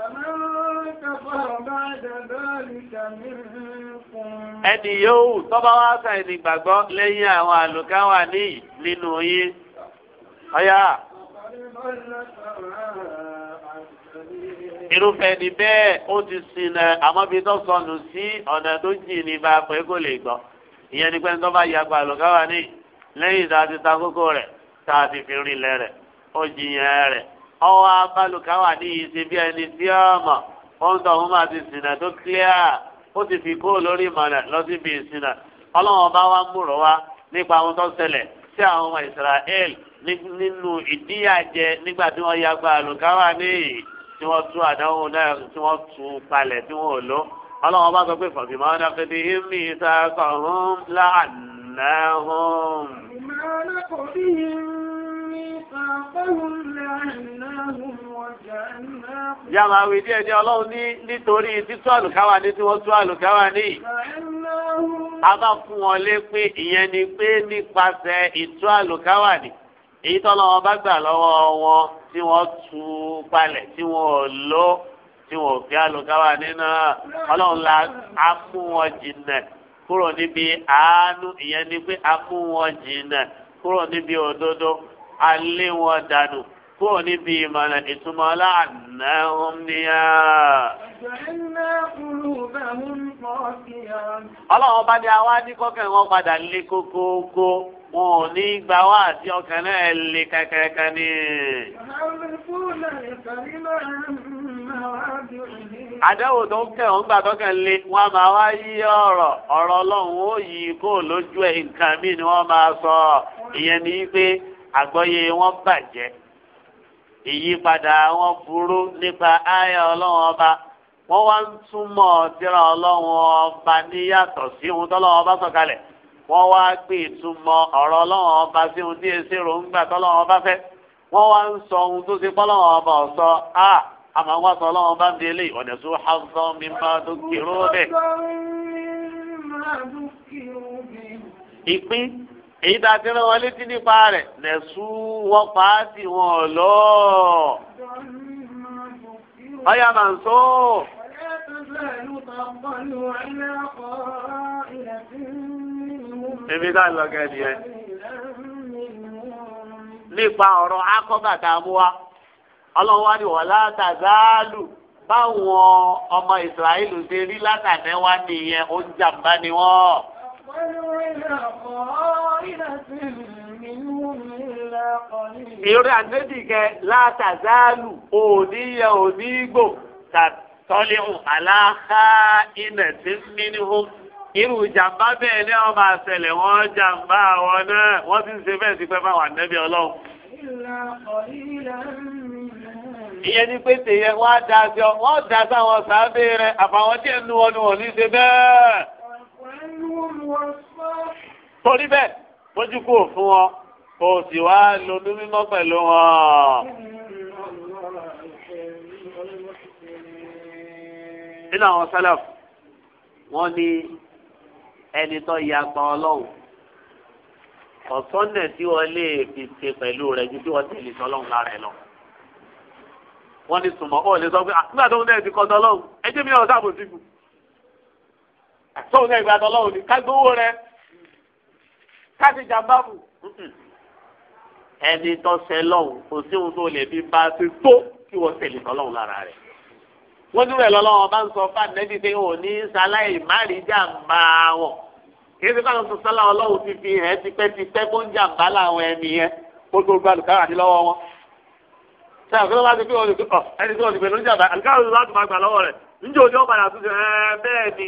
Speaker 1: ẹni yòówù
Speaker 2: tọ́ba wá sàn ìdìgbàgbọ́ lẹ́yìn àwọn àlùkáwà ní nínú yín. ọya irúfẹ́ ni bẹ́ẹ̀ ó ti sinna àmọ́ bí tó sọnù sí ọ̀nà tó jì ní bá a pé kò lè gbọ́ ìyẹn ni pé ń tọ́ba ya gba àlùkáwà ní lẹ́yìn tá a ti ta kókó rẹ̀ tá a ti fi rinlẹ̀ rẹ̀ ó jiyàn rẹ̀ ọwọ́ abálùkáwà ní yìí ti bí ẹni tí ó mọ̀ ó ń máa ti ti fi kó lórí ìmọ̀lẹ̀ lọ síbi ìsinna ọlọ́wọ́n bá wá múrò nípa ohun tó ṣẹlẹ̀ sí àwọn ọmọ nínú ìdíyàjẹ nígbà tí wọ́n yagbá àlùkáwà níyì tí wọ́n tú àdáwò náà tí wọ́n tú palẹ̀ tí wọ́n lò ọlọ́wọ́n bá sọ pé fọ̀bí máa ń dákẹ́ ní ìmí ìsàkọ̀hún láàánáhùn. Yàrá àwọn ìdí ẹ̀jẹ̀ ọlọ́run ní nítorí títú àlùkáwà ní tí wọ́n tú àlùkáwà ní. A bá fún wọn lé pé ìyẹn ni pé nípasẹ̀ ìtú àlùkáwà ni. èyí tó lọ́wọ́ bá gbà lọ́wọ́ wọn tí wọ́n tu palẹ̀ tí wọ́n lo tí wọ́n fi àlùkáwà nínú ọlọ́run la á fún wọn jìnnà kúrò níbi àánú ìyẹn ni pé á fún wọn jìnnà kúrò níbi òdodo alé wọn dànù kúrò níbi ìmọ̀ràn ìtumọ̀ ọlọ́run bá ní wọn padà lé wọn ò ní gba wá àti ọkàn náà lè kankankan ni. àdáwò tó ń kẹ́ ọ̀ ń gbà tọ́kàn lé wọn a máa wá yí ọ̀rọ̀ ọ̀rọ̀ ọlọ́run ó yí kó lójú ẹ̀ nǹkan ni wọ́n máa sọ ìyẹn ni pé wọn bàjẹ́ ìyípadà wọn burú nípa ọlọ́run wọ́n wá ń túmọ̀ wọ́n wá gbé ìtumọ̀ ọ̀rọ̀ ọlọ́run ọba sí ohun tí èsì rògbà tọ́lọ́run ọba fẹ́ wọ́n wá ń sọ ohun tó ṣe pọ́lọ́run ọba ọ̀sọ́ a àmọ́ wá sọ ọlọ́run ọba ń di ọ̀nà tó hàzọ́ mi máa tó kéré bẹ́ẹ̀. ìpín èyí tá a ti rán wọn létí nípa rẹ̀ nẹ̀sú wọ́n pa á sí wọn lọ. ọ̀yà màá ń sọ.
Speaker 1: ọ̀yà tó bẹ̀rù tọ̀pọ̀ lù wọ́n ilé ọkọ̀ ìrẹsì èmi náà
Speaker 2: lọ kẹ́ nìyẹn. nípa ọ̀rọ̀ akọ́bàtà mú wa ọlọ́wọ́ ni wọ́n látàzálù báwọn ọmọ ìsirahílù ṣe rí látàtẹ́wá nìyẹn ó ń jàǹbá ni wọ́n.
Speaker 1: Ìrẹ́ àdébì
Speaker 2: kẹ látàzálù òníyẹ onígbò tàtọ́lé aláha ìnẹ̀tí nínú irú jàmbá bẹ́ẹ̀ ní ọmọ àṣẹlẹ̀ wọn jàmbá wọn náà wọ́n ti ń ṣe bẹ́ẹ̀ sí pé wà nẹ́bí ọlọ́run. ìyẹn ní pé tèyẹ wọn á da sí ọ wọn á da sáwọn sábẹ́ rẹ àfàwọn díẹ̀ nu wọn wọn ní ṣe bẹ́ẹ̀. torí bẹ́ẹ̀ bójú kò fún wọn kò sì wá lónú mímọ́ pẹ̀lú wọn. nínú àwọn sálàfù wọn ní ẹni tó ya pa ọlọ́run ọ̀sọ́nà tí wọ́n lè fi ṣe pẹ̀lú rẹ̀ ju tí wọ́n tẹ̀lé sọlọ́run lára ẹ̀ lọ. wọ́n ní sùnmọ́ ó lè sọ pé àtúgbà ah, tó ń dẹ̀ ti kọ́ sọlọ́run ẹ jẹ́ mi náà sábò sí fún àtúntò náà ìgbà ni ká gbowó rẹ ká ti jàmbá fún ẹni tó ṣe lọ́hùn kò sí ohun tó lè fi bá a ṣe tó kí wọ́n tẹ̀lé sọlọ́run lára rẹ̀ wọ́n dúró ẹ̀ lọ́lọ́wọ́ bá ń sọ fáànẹ́bí pé òní sáláì kì í ṣe káwọn sọ sálà ọlọ́run ti fi hàn tipẹ́tipẹ́ kó ń jàǹbá làwọn ẹni yẹn kó tó gba àlùkárà ní lọ́wọ́ wọn. ṣé àgbẹ̀ wá ti pé wọn ò ẹni tí wọn ti pè ló ń jàǹbá àlùkárà ló láti máa gbà lọ́wọ́ rẹ̀ níjẹ́ òjò padà tún ṣe ẹ bẹ́ẹ̀ ni.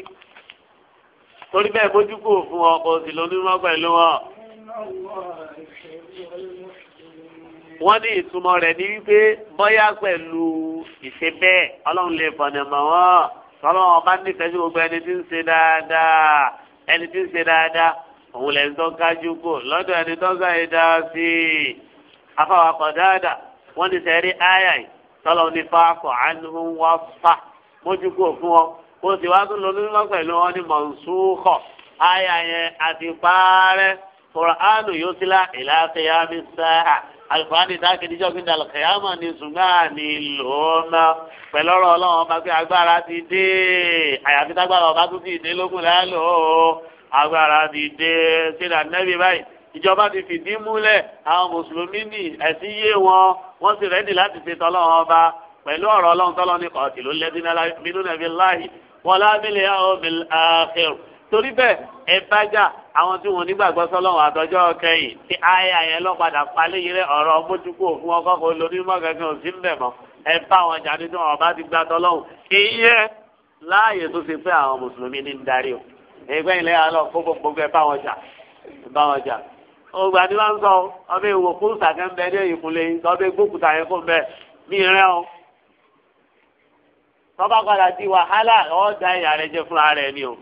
Speaker 2: torí bẹ́ẹ̀ bójú kò fún ọ kò sì lónímọ̀ pẹ̀lú wọn. wọ́n ní ìtumọ̀ rẹ̀ ní wípé bọ́yá pẹ̀lú ìṣe bẹ́ẹ̀ ọlọ́run lè fọ̀nà mọ́ ẹni tí ń ṣe dáadáa òun lẹ́ni tó kájú kò lọ́dọ̀ ẹni tó sáyé dá sí i afáwọn akọ̀ dáadáa wọ́n ti sẹ́rí áyà yìí tọ́lọ́ ní fáakọ̀ àánú wá fà mójú kò fún ọ bó ti wá tún lọ nínú pẹ̀lú wọn ní mọ̀nsúkọ̀ áyà yẹn àti pààrẹ kùránù yóò ti lá ìlàkẹ́yàmí sáà alùpàdé dákẹ́ níjọ́ gbé dàlù kẹ́yàmọ̀ ní ṣùgbọ́n ní lòómà pẹ̀lú ọ̀rọ̀ ọlọ́run ọba pé agbára ti dé àyàfi tágbára ọba tó ti dé lókun lálọ́ agbára ti dé sílẹ̀ nẹ́bí báyìí ìjọba ti fìdí múlẹ̀ àwọn mùsùlùmí ní ẹ̀sìn yé wọn wọ́n sì rẹ́dì láti ṣe tọ́lọ́run ọba pẹ̀lú ọ̀rọ̀ ọlọ́run tọ́lọ́ ní kọ̀ọ̀tì ló lẹ́dínlá torí bẹ́ẹ̀ ẹ bá jà àwọn tí wọn nígbàgbọ́ sọlọ́wọ́ àtọ́jọ́ kẹyìn tí aya yẹn lọ padà palẹ̀ yìí rẹ ọ̀rọ̀ mójúkú òfin wọn kọ́kọ́ lónímọ̀ kankan òsì ń bẹ̀ mọ́ ẹ bá wọn jà nínú ọba ti gbà tọ́lọ́hùn ìyẹn láàyè tó ti pé àwọn mùsùlùmí ní ń darí o ẹgbẹ́ ilẹ̀ alọ́ kó gbogbo ẹ bá wọn jà bá wọn jà ògbà ni wọn sọ ọbẹ̀ ìwò kó sàkẹ́ ń bẹ ní ìkúlẹ̀ ọbẹ̀ gbókùtà yẹn kó bẹ mí rẹ o tọ́ba padà di wàhálà ọ̀ ni o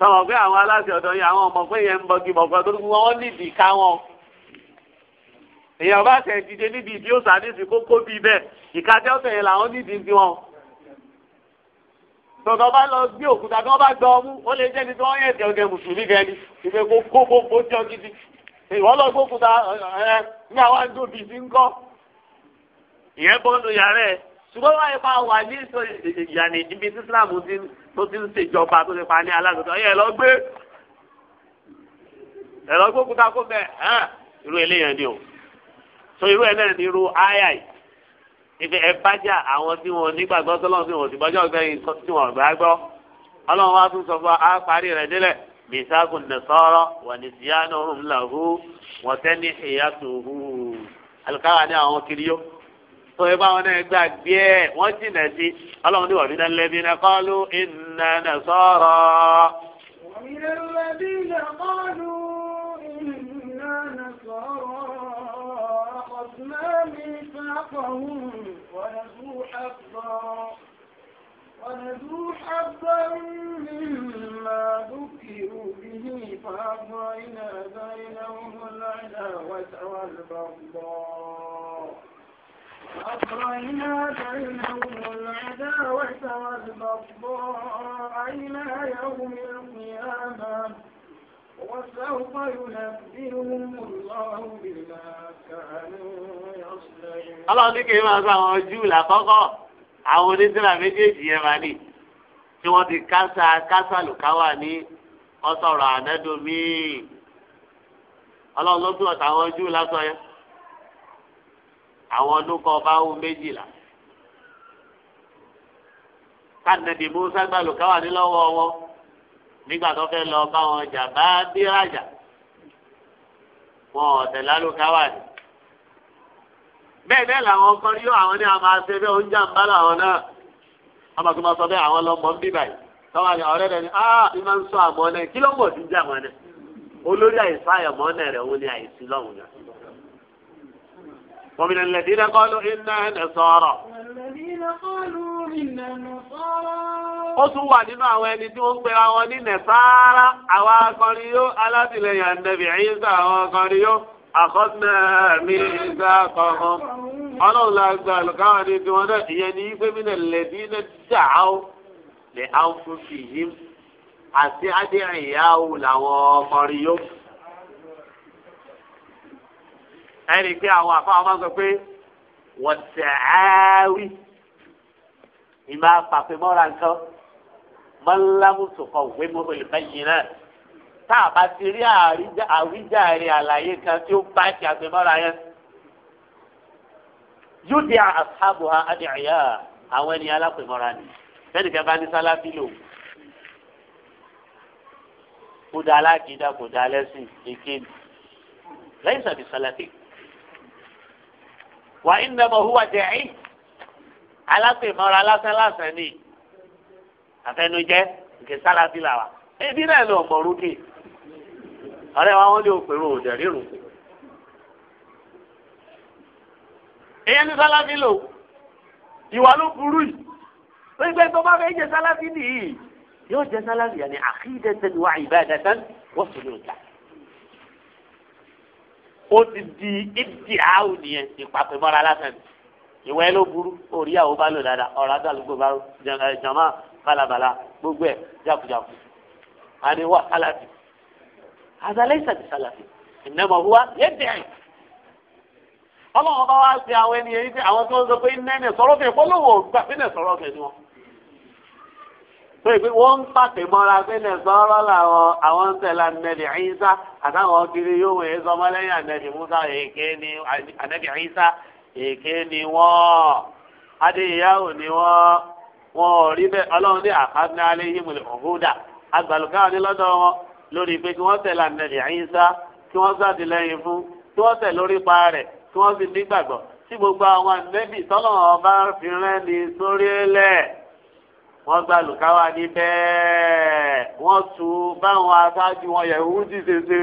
Speaker 2: sọ̀rọ̀ pé àwọn aláṣẹ ọ̀dọ́ yẹn àwọn ọmọ pé ń bọ̀gì bọ̀gọ́ tó dúró wọn níbi ìka wọn. èèyàn bá tẹ̀ dìde níbi ìdí òsà níbi kókó bíi bẹ́ẹ̀ ìkájẹ́ ọ̀tẹ̀ yẹn làwọn níbi ti wọn. tọ̀dọ̀ bá lọ gbé òkúta tí wọ́n bá gbọ́ ọmú ó lè jẹ́ tí wọ́n yẹ̀ tẹ̀ ọ̀gẹ̀ mùsùlùmí gẹ̀ ni ìfẹ́ kó gbogbo tí gidi. ìwọ́n lọ gbókúta ẹ tó ti ń ṣèjọba tó ti pa ní alágbèsọ ẹ lọ gbé ẹ lọ gbé òkúta kó bẹ ẹ irú eléyàn ni o so irú ẹ náà ni irú áyà yìí ife ẹ bájà àwọn tí wọn nígbàgbọ́ sọlọ́n tí wọn sì bọ́jọ́ gbẹ̀yìn tí wọn gbà gbọ́ ọlọ́run wa tún sọ fún wa á parí rẹ̀ délẹ̀ misakun nasara wà ní siyanuhum lahu wọ́n tẹ́ ní ìyá tó hù alùkáwà ní àwọn kiri yóò tó ẹ bá wọn náà gbàgbé ẹ wọn jìnà sí ọlọ́run ní wàbí náà lẹ́bí náà kọ́lù iná náà sọ̀rọ̀.
Speaker 1: ونذو حظا مما ذكروا به فأغرينا بينهم العداوة والبغضاء أطرينا بينهم العداوة والبغضاء إلى يوم القيامة وسوف ينبئهم الله بما كانوا يصنعون الله ní kí n máa sọ àwọn ojú
Speaker 2: làkọ́kọ́ àwọn onísìlà méjèèjì yẹn máa ní tí wọ́n ti kásá kásálù káwà ní ọ̀sọ̀rọ̀ ànádọ́mí ọlọ́run ló tún ọ̀tà àwọn ojú lásán yẹn àwọn ọdún kan bá wú méjìlá kánàdì musa gbàlù káwà ní lọ́wọ́ wọn nígbà tó fẹ́ lọ bá wọn jà bá bírajà wọn ọ̀tẹ̀ lálùkáwà ni bẹ́ẹ̀ bẹ́ẹ̀ làwọn kan yóò àwọn ní àmà ṣe bẹ́ẹ̀ oúnjẹ àǹbá làwọn náà àmà tó máa sọ bẹ́ẹ̀ àwọn lọ́mọ ń bí báyìí tọ́wọ́ ni ọ̀rẹ́ rẹ̀ ni ah mi máa ń sọ àmọ́ náà kí ló mọ̀ sí jàmọ́ náà olórí àìsàn àyẹ̀mọ́ náà rẹ̀ òun ni àìsí lọ́hùn náà. ومن الذين قالوا إنا نصارى قصوا لما وين يعني دون نصارى أواقريو على دليا النبي عيسى أواقريو أخذنا ميثاقهم قال الله قال قال دون ينيف من الذين دعوا لأنفسهم أسعد عياو لأواقريو ẹni pé àwọn àfáwọn máa ń sọ pé wọ́n tẹ̀ áwí ìmọ̀ àpapẹ̀ mọ́ra nǹkan mọ́lámùsùkọ̀ wímúrò ìbẹ́yìn náà tá a bá ti rí àwíjàre àlàyé kan tí ó bá ti àpèmọ́ra yẹn yóò di àṣàbò àdìyà àwọn ènìyàn alápèmọ́ra ni bẹ́ẹ̀ni kẹ́ bá ní sálábí lò kó alágídá kó alẹ́sìn èkéyìí lẹ́yìn sàbí sálábí wà innama huwa jẹ̀ẹ́ alápèmọ́ra lásán lásán ni àfẹnujẹ́ nke sálábí làwà ebi náà lọ mọ̀ rúkè ọ̀rẹ́ wa wọ́n lé òpèrò òdẹ̀ rírun. èyí ni sálábí lò ìwà ló burú yìí wọ́n gbé tó bá fẹ́ jẹ sálábí nìyí yóò jẹ sálábí yàní àkídẹ́tẹ̀ ni wà ìbádatan wọ́n sì lè jà ó ti di ìdí àáwò nìyẹn ìpàpẹ mọ́ra lásán ìwẹ́ ló burú orí àwọn bá lò dáadáa ọ̀rọ̀ àdàlùgbò bá jàmá balabala gbogbo ẹ̀ jákujáku àníwá sálàfì àzàlẹ́ ìsàdì sálàfì ìnáwó wa yẹ́dẹ̀ ẹ̀ ọlọ́run bá wá sí àwọn ènìyàn yìí tí àwọn tí wọ́n sọ pé nẹ́ẹ̀nẹ̀ sọ̀rọ̀ fẹ̀ kọ́ lówó gbà pé nẹ́ẹ̀ sọ̀rọ̀ fẹ̀ ni wọ́n. pé pé wọ́n ń pàtẹ mọ́ra pé làwọn àwọn ń tẹ̀lé anẹ́bì ẹ̀yíṣà àtàwọn kiri yóò wọ̀nyí sọmọlẹ́yìn anẹ́bì musa èké ni anẹ́bì ẹ̀yíṣà èké ni wọ́n adéyàwó ni wọ́n wọ́n rí bẹ́ẹ̀ ọlọ́run ní àkàndá agbàlùkà ni lọ́dọ̀ wọn lórí pé kí wọ́n tẹ̀lé anẹ́bì ẹ̀yíṣà kí wọ́n fún kí wọ́n wọ́n gba lùkáwà ní bẹ́ẹ̀ wọ́n tu báwọn aṣáájú wọn Yẹhudi ṣe ṣe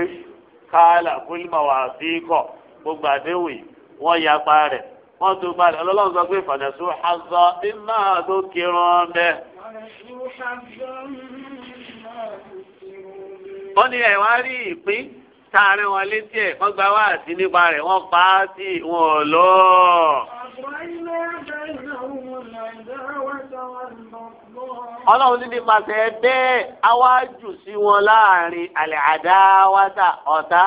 Speaker 2: káàlà fúlímọ̀ wà sí kọ̀ gbogbo àdéhùn yìí wọ́n ya pa rẹ̀ wọ́n tu balẹ̀ ọlọ́run sọ pé fàdásù hazọ ní máa tó kírun bẹ́ẹ̀. wọ́n ní ẹ̀wá rí ìpín táàrin wọn létí ẹ̀ wọ́n gba wá sí nípa rẹ̀ wọ́n pa á sí wọn lọ ọlọ́run ní nípasẹ̀ bẹ́ẹ̀ awájú sí wọn láàrin àlẹ́ àdáwátà ọ̀tá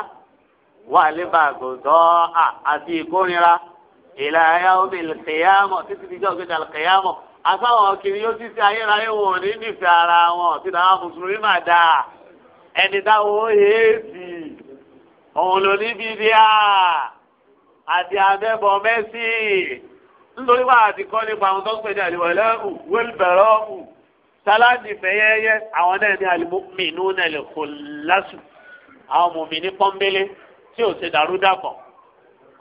Speaker 2: wà lébàgòtọ́ àti ìkórira ìlàyà omi ìlkèyàmọ̀ títí díjọ́ gbé ìlkèyàmọ̀ àtàwọn kiri yóò ti ṣe ayérayé wọn ní nífẹ̀ẹ́ ara wọn tí làwọn mùsùlùmí mà dà ẹni táwọn ó òun ló ní bíbí à àti abẹ́bọ̀ mẹ́sì nítorí wà á ti kọ́ nípa àwọn tó ń pè ní àlùwẹ̀lẹ́ wẹ́lbẹ̀rọ̀ sáláàdì fẹ́yẹ́yẹ́ àwọn náà ní àlùmínú náà lè kó lásù àwọn mùmíní pọ́nbélé tí ò ṣe dàrúdàpọ̀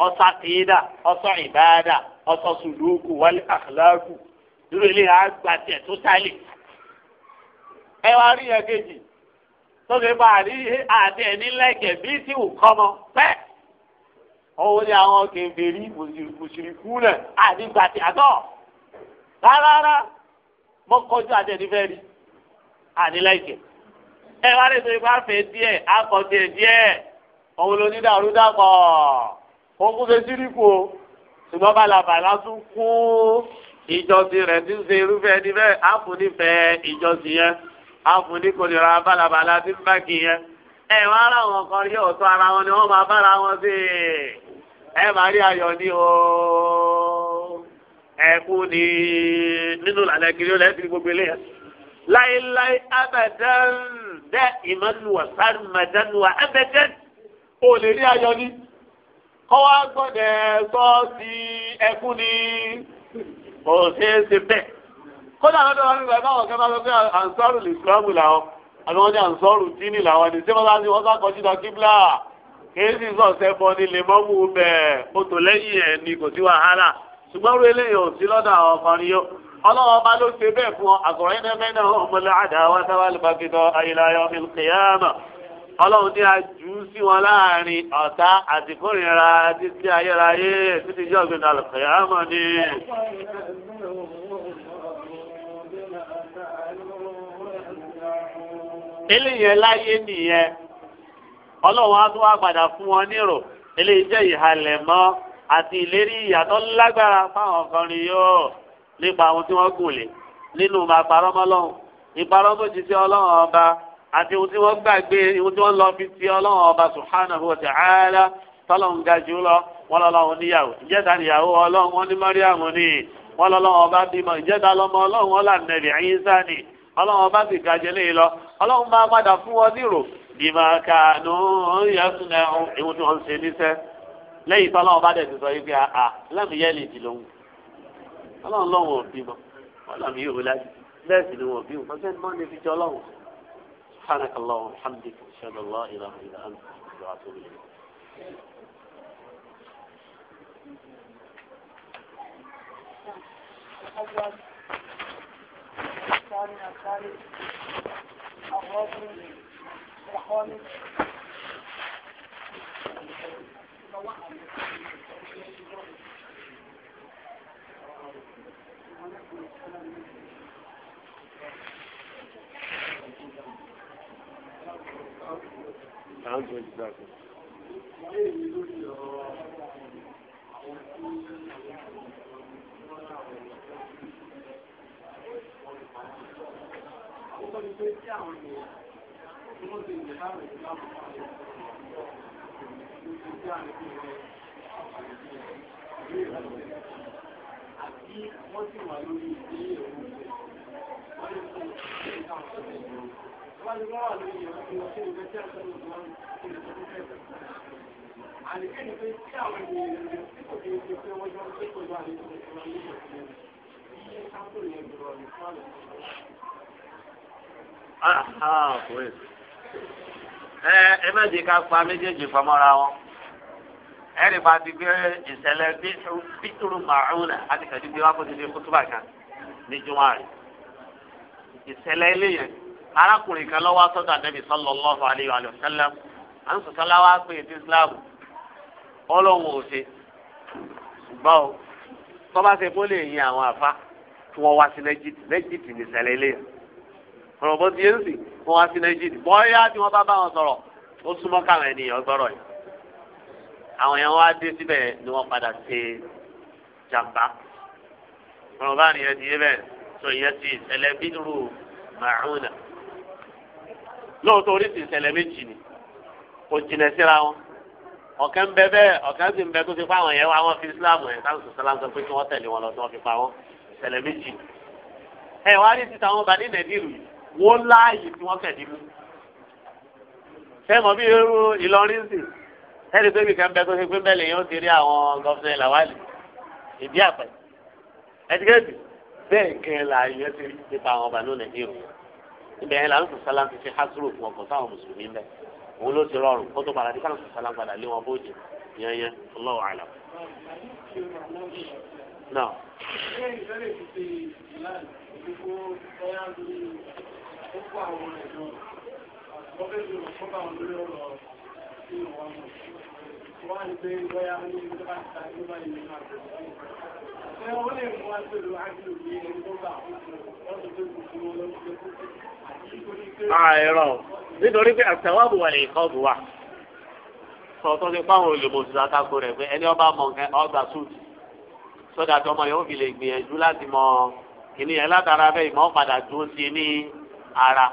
Speaker 2: ọ̀sà kìídà ọ̀sọ̀ ìbáadà ọ̀sọ̀ sùlùkù wálé àkàlákù dúró ilé àgbà tiẹ̀ tó ẹ wá rí ẹ kejì tó fi bá àdí àdí ẹ̀ nílẹ̀ kẹ̀ bí tí ò kọ́ pẹ́ẹ́ òun ni àwọn kèfèrí mùsùlùkù rẹ̀ àdìgbà tí àtọ̀ rárá mọ kọjú àti ẹni fẹ́ rí àdìláìkẹ̀ ẹ wá lè sọ ipá fẹ́ díẹ̀ akọ̀tì ẹ̀ díẹ̀ òun ló ní dàrú dàpọ̀ òun kún fẹ́ síríkù o ṣùgbọ́n balabàlá tún kún ìjọsìn rẹ̀ ti ń ṣe irúfẹ́ ẹni bẹ́ẹ̀ á fún nífẹ̀ẹ́ ìjọsìn yẹn á fún ní kò lè ra balabàlá ń bá kì yẹn ẹ wá ara kan rí ọ̀tọ̀ ara wọn ni wọ́n máa bára wọn sí i ẹ máa rí ayọ̀ ní o ẹ̀kú ni nínú ìlànà kiri ọ̀la ẹ̀sìn gbogbo eléyà láéláé abadan dẹ ìmọ̀lúwà sármàdánùwà abadan ò lè rí ayọ̀ ní kọ́wá gbọ́dẹ̀ sọ sí ẹ̀kú ni kò ṣeé ṣe bẹ́ẹ̀ kódà lọ́dọ̀ wọn nígbà táwọn kan bá sọ pé ànsọ́rù lè sọ́ọ̀mù làwọn àbí wọ́n ní ànsọ́rù dínì làwọn ni ṣé wọ́n bá ń sọ kọjú kéésì sọ̀sẹ̀ bọ́ ní lèmọ́mù bẹ́ẹ̀ mọ́tò lẹ́yìn ẹ̀ ni kò sí wàhálà ṣùgbọ́n orí eléyìí sí lọ́dọ̀ àwọn ọkùnrin yó ọlọ́wọ́ bá ló ṣe bẹ́ẹ̀ fún àgọ́rin mẹ́rin ọmọlẹ́ àdáwà sábàlùbàgídọ́ ayélujára ọlọ́run ní ajú sí wọn láàrin ọ̀tá títí ayérayé títí ọlọ́run á tún wá padà fún wọn nírò eléyìí jẹ́ ìhalẹ̀ mọ́ àti ìlérí ìyàtọ̀ lágbára fáwọn ọkùnrin yóò nípa ohun tí wọ́n gùn lé nínú máa parọ́ mọ́ lọ́hùn ìparọ́ tó ti sí ọlọ́run ọba àti ohun tí wọ́n gbàgbé ohun tí wọ́n lọ fi ti ọlọ́run ọba subhanahu wa ta'ala tọ́lọ́run ga jù lọ wọ́n lọ́lọ́run níyàwó ìjẹ́ta níyàwó ọlọ́run wọn ní mọ́ríàmù ni wọ́n lọ́lọ́run ọba bímọ ìjẹ́ta lọ́mọ ọlọ́run ọlànà ẹ̀rí ayé sáà ni ọlọ́run ọba sì gajẹ́ lọ ọlọ́run máa padà fún wọn nírò bímọ kànú yẹsùnà ìwọ tí wọn ṣe níṣẹ́ lẹ́yìn tọ́lá ọba dẹ̀ ti sọ yìí pé àà lẹ́mi yẹ́ lè di lóhùn ọlọ́run lọ́wọ́ òbí mọ́ ọlọ́run yìí ò lájú bẹ́ẹ̀ sì ni wọ́n bí wọn ṣẹ́ ni wọ́n lè fi jọ ọlọ́run سبحانك اللهم وبحمدك اشهد ان لا
Speaker 1: اله الا Sounds Thank you. Àbí
Speaker 2: ah, wọ́n ah, ẹ ẹ má ká pa méjèèjì fọmọra wọn ẹ lè máa di pé ìṣẹ̀lẹ̀ bíkúrú màrúnà àti kàdúgbò wa kò ti di kan ní jùmọ rẹ eléyẹ arákùnrin kan lọ wa sallam à ń sọsọ láwá pé ètò islam ò ṣe o tọ́ba ṣe kó lè yin àwọn àfa tí wọ́n wá sí lẹ́jìtì isele ní ọ̀rọ̀ bó ti yé sí wọn wá sí nàìjíríà bọ́yá tí wọ́n bá bá wọn sọ̀rọ̀ ó súnmọ́ káwọn ènìyàn sọ̀rọ̀ yìí àwọn yẹn wá dé síbẹ̀ ni wọ́n padà ṣe jàmbá ọ̀rọ̀ bá nìyẹn ti yé bẹ́ẹ̀ sọ ìyẹn ti ìṣẹ̀lẹ̀ bídúró màrúnà lóòótọ́ oríṣi ìṣẹ̀lẹ̀ méjì ni kò jìnà síra wọn ọ̀kẹ́ ń bẹ bẹ́ẹ̀ ọ̀kẹ́ sì ń bẹ tó ti pa àwọn yẹn wọn fi islam yẹn táwọn sọ̀sọ́ láǹsọ̀ pé kí wọ́n tẹ̀lé wọn lọ sí wọn fi pa wọn ìṣẹ̀lẹ̀ méjì ẹ̀ wá ní ti tàwọn bá ní nàìjíríà wọ́n láàyè tí wọ́n kẹ̀dí mú. sẹ́mọ̀ bí irú Ìlọrin sì ẹni pé bìkan bẹ tó ṣe pé bẹ́ẹ̀ lèyàn ti rí àwọn gọ́fìnà Lawali ìdí àpẹ ẹtikẹ́tì bẹ́ẹ̀ kẹ́ la ìyẹn ti rí nípa àwọn ọba lónìí ní ìròyìn ibẹ̀ yẹn làwọn sọ̀sálà ti ṣe hásùrù fún ọkọ̀ sáwọn mùsùlùmí ń òun ló ti rọrùn kó tó padà díkàlù sọ̀sálà padà lé wọn bóde yẹnyẹn Allahu a'lam.
Speaker 1: náà àìrọ̀ ah, nítorí
Speaker 2: pé àtẹwàbù wà lè kọ́ bù wá sọ̀tọ́ ní fáwọn olùmọ̀sílá kákó rẹ̀ pé ẹni ọba mọ̀ nǹkan ọgbà sùúrù sọ́dà tó ọmọ yóò fi lè gbìyànjú láti mọ kìnìyàn látara bẹ́ẹ̀ ìmọ̀ padà dúró sí ní ara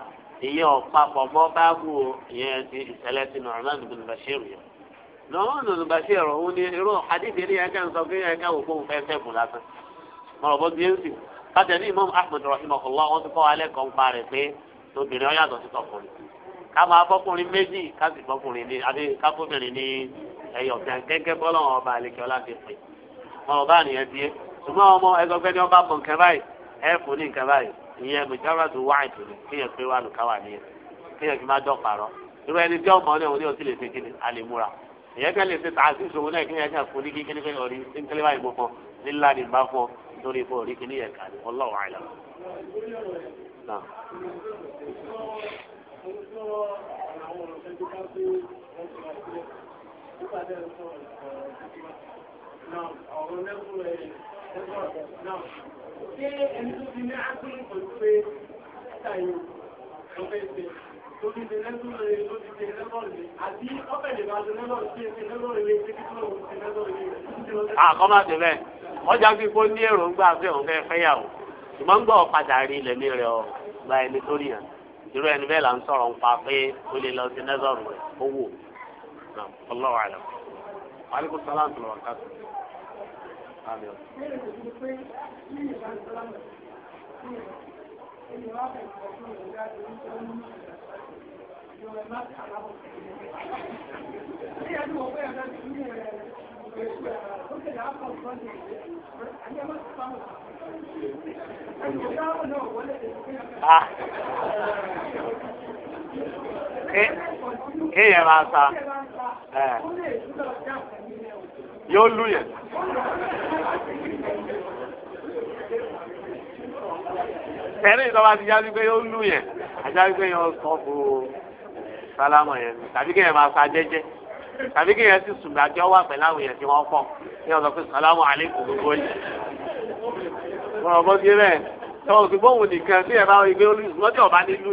Speaker 2: èyí ọ̀pápọ̀ mọ́ báàbù ìyẹn ti ìṣẹ̀lẹ̀ ti Nu'man bin Bashir yẹn. Nu'man bin Bashir òun ni irú hadith eré yẹn kan sọ pé yẹn kan wò fóun fẹ́ sẹ́kù lásán. mọ̀rọ̀ bọ́ gbé sí. kájà ní Imam Ahmed rahimahullah wọn ti kọ́ alẹ́ kan pa rẹ̀ pé obìnrin ọ̀yàtọ̀ sí tọkùnrin. ká máa bọ́kùnrin méjì ká sì bọ́kùnrin ní àbí kákóbìnrin ní ẹ̀yọ̀ gẹ́gẹ́ bọ́lọ́wọ́n ni wọ́n ìyẹn mùjáwádùú wáìn tó ní kéèyàn pé wà lùkáwà nìyẹn kéèyàn fi má dán parọ́ irú ẹni tí ọmọ náà wọn ní o ti lè ṣe kíni a lè múra ìyẹn kẹ́ lè ṣe tà sí ìṣòwò náà kéèyàn kẹ́ fún ní kí kíni kéèyàn rí ní kílẹ̀ báyìí gbọ́fọ́ nílá ni bá fọ́ nítorí ipò orí kíní yẹn kàní ọlọ́wọ́ àìlà.
Speaker 1: Now, our level is, ṣé ẹni tó ti ní ápùlù kò pé ṣàyò ọ̀fẹ́ ṣe tó ti ṣe lẹ́gbọ̀nrin tó ti ṣe lẹ́gbọ̀nrin àti ọ̀fẹ́lẹ̀ bá ṣe lẹ́gbọ̀nrin tó
Speaker 2: ṣe wọ́n já pípọ́ ní èròǹgbà pé òun fẹ́ fẹ́yàwó ṣùgbọ́n gbọ́ padà rí ilẹ̀ mi rẹ̀ ọ gba ẹni tó rí yàn irú ẹni bẹ́ẹ̀ là ń sọ̀rọ̀ nípa pé ó lè lọ sí nẹ́sọ̀rù rẹ̀ ó wò ọlọ́wà rẹ̀. wàhálà sálàǹtì lọ́wọ́ káàkiri àmì
Speaker 1: Ah. Eh, eh, avanza. Eh yóò lù yẹn. ẹ̀rí ìtọ́ba
Speaker 2: ti yá wípé yóò lù yẹn àti wípé yóò sọ fún sálámọ̀ yẹn tàbí kéèyàn máa sa jẹ́jẹ́ tàbí kéèyàn ti sùn àti ọwọ́ àpẹ̀lú àwọn èèyàn tí wọ́n fọ̀ ní ọ̀sán pé sálámù àlékún gbogbo yìí. mo rọ̀ bọ́ sí bẹ́ẹ̀ tọ́wọ́ sí bóun nìkan tí ẹ̀ bá wọ ìgbé olùsùn lọ́jọ́ ọ̀bá nílùú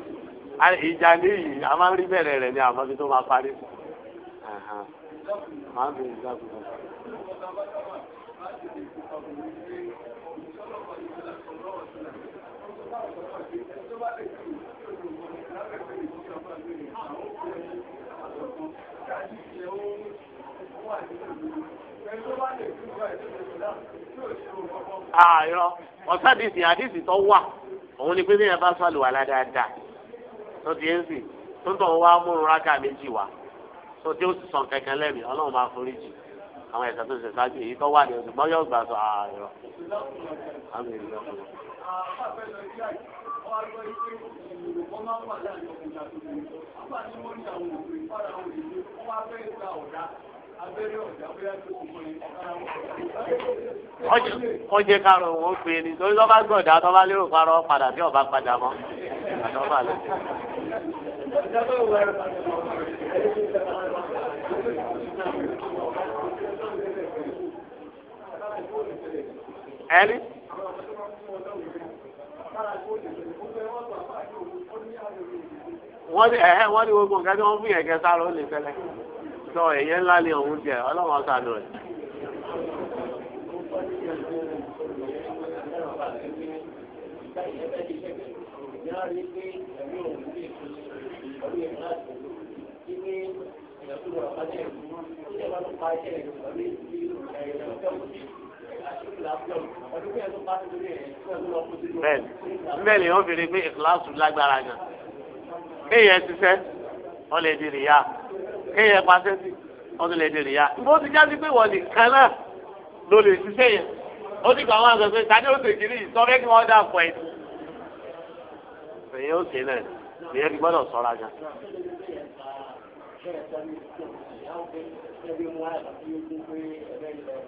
Speaker 2: ìjà léyìí a máa ń rí bẹ̀rẹ̀ rẹ̀ ní àmọ́ bí tó máa parí. àìrọ ọ̀sádìsì àdìsì tó wà òun ni pé bí yẹn bá sọ àlùwàlá dáadáa. tó ti ń sìn tó ń tọ̀ wá múrun rákà méjì wá tó tí ó sì sàn kankan lẹ́mìí ọlọ́run máa forí jì àwọn ẹ̀sán tó ṣe ṣáájú èyí tó wà ní oṣù mọ́ yóò gbà sọ ààrọ.
Speaker 1: Thank you. ọjẹ
Speaker 2: karọ òun ó pe ni torí lọ́ba gbọ̀dá tó bá lérò parọ́ padà tí ọba padà mọ́ lọ.
Speaker 1: ẹni. wọ́n ní
Speaker 2: ẹ̀hẹ́ sọ ẹ̀yẹ ńlá ni òun jẹ ọlọ́wọ́ sànù rẹ̀.
Speaker 1: bẹ́ẹ̀ni bẹ́ẹ̀ni wọn fi rí pé
Speaker 2: ìkíláàsù lágbára gan. bí ìyẹn ti sẹ́ wọ́n lè di rìyà kéèyàn pàṣẹ sí ọdún lè dèrè ìbò ti jáde pé wọ́n nìkan náà ló lè ṣiṣẹ́ yẹn ó ti gbà wọn àgbẹ̀ pé tani ó sì kiri ìtọ́fẹ́ kí wọ́n dà pọ̀ ẹ̀
Speaker 1: èyí ó ṣe náà èyí ti gbọ́dọ̀ sọ́ra gan.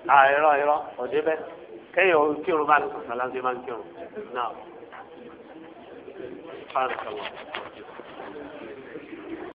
Speaker 1: à irọ́ irọ́
Speaker 2: òde bẹ́ẹ̀ kéèyàn ó kírun bá nìkan sọ́la ṣe máa ń kírun náà.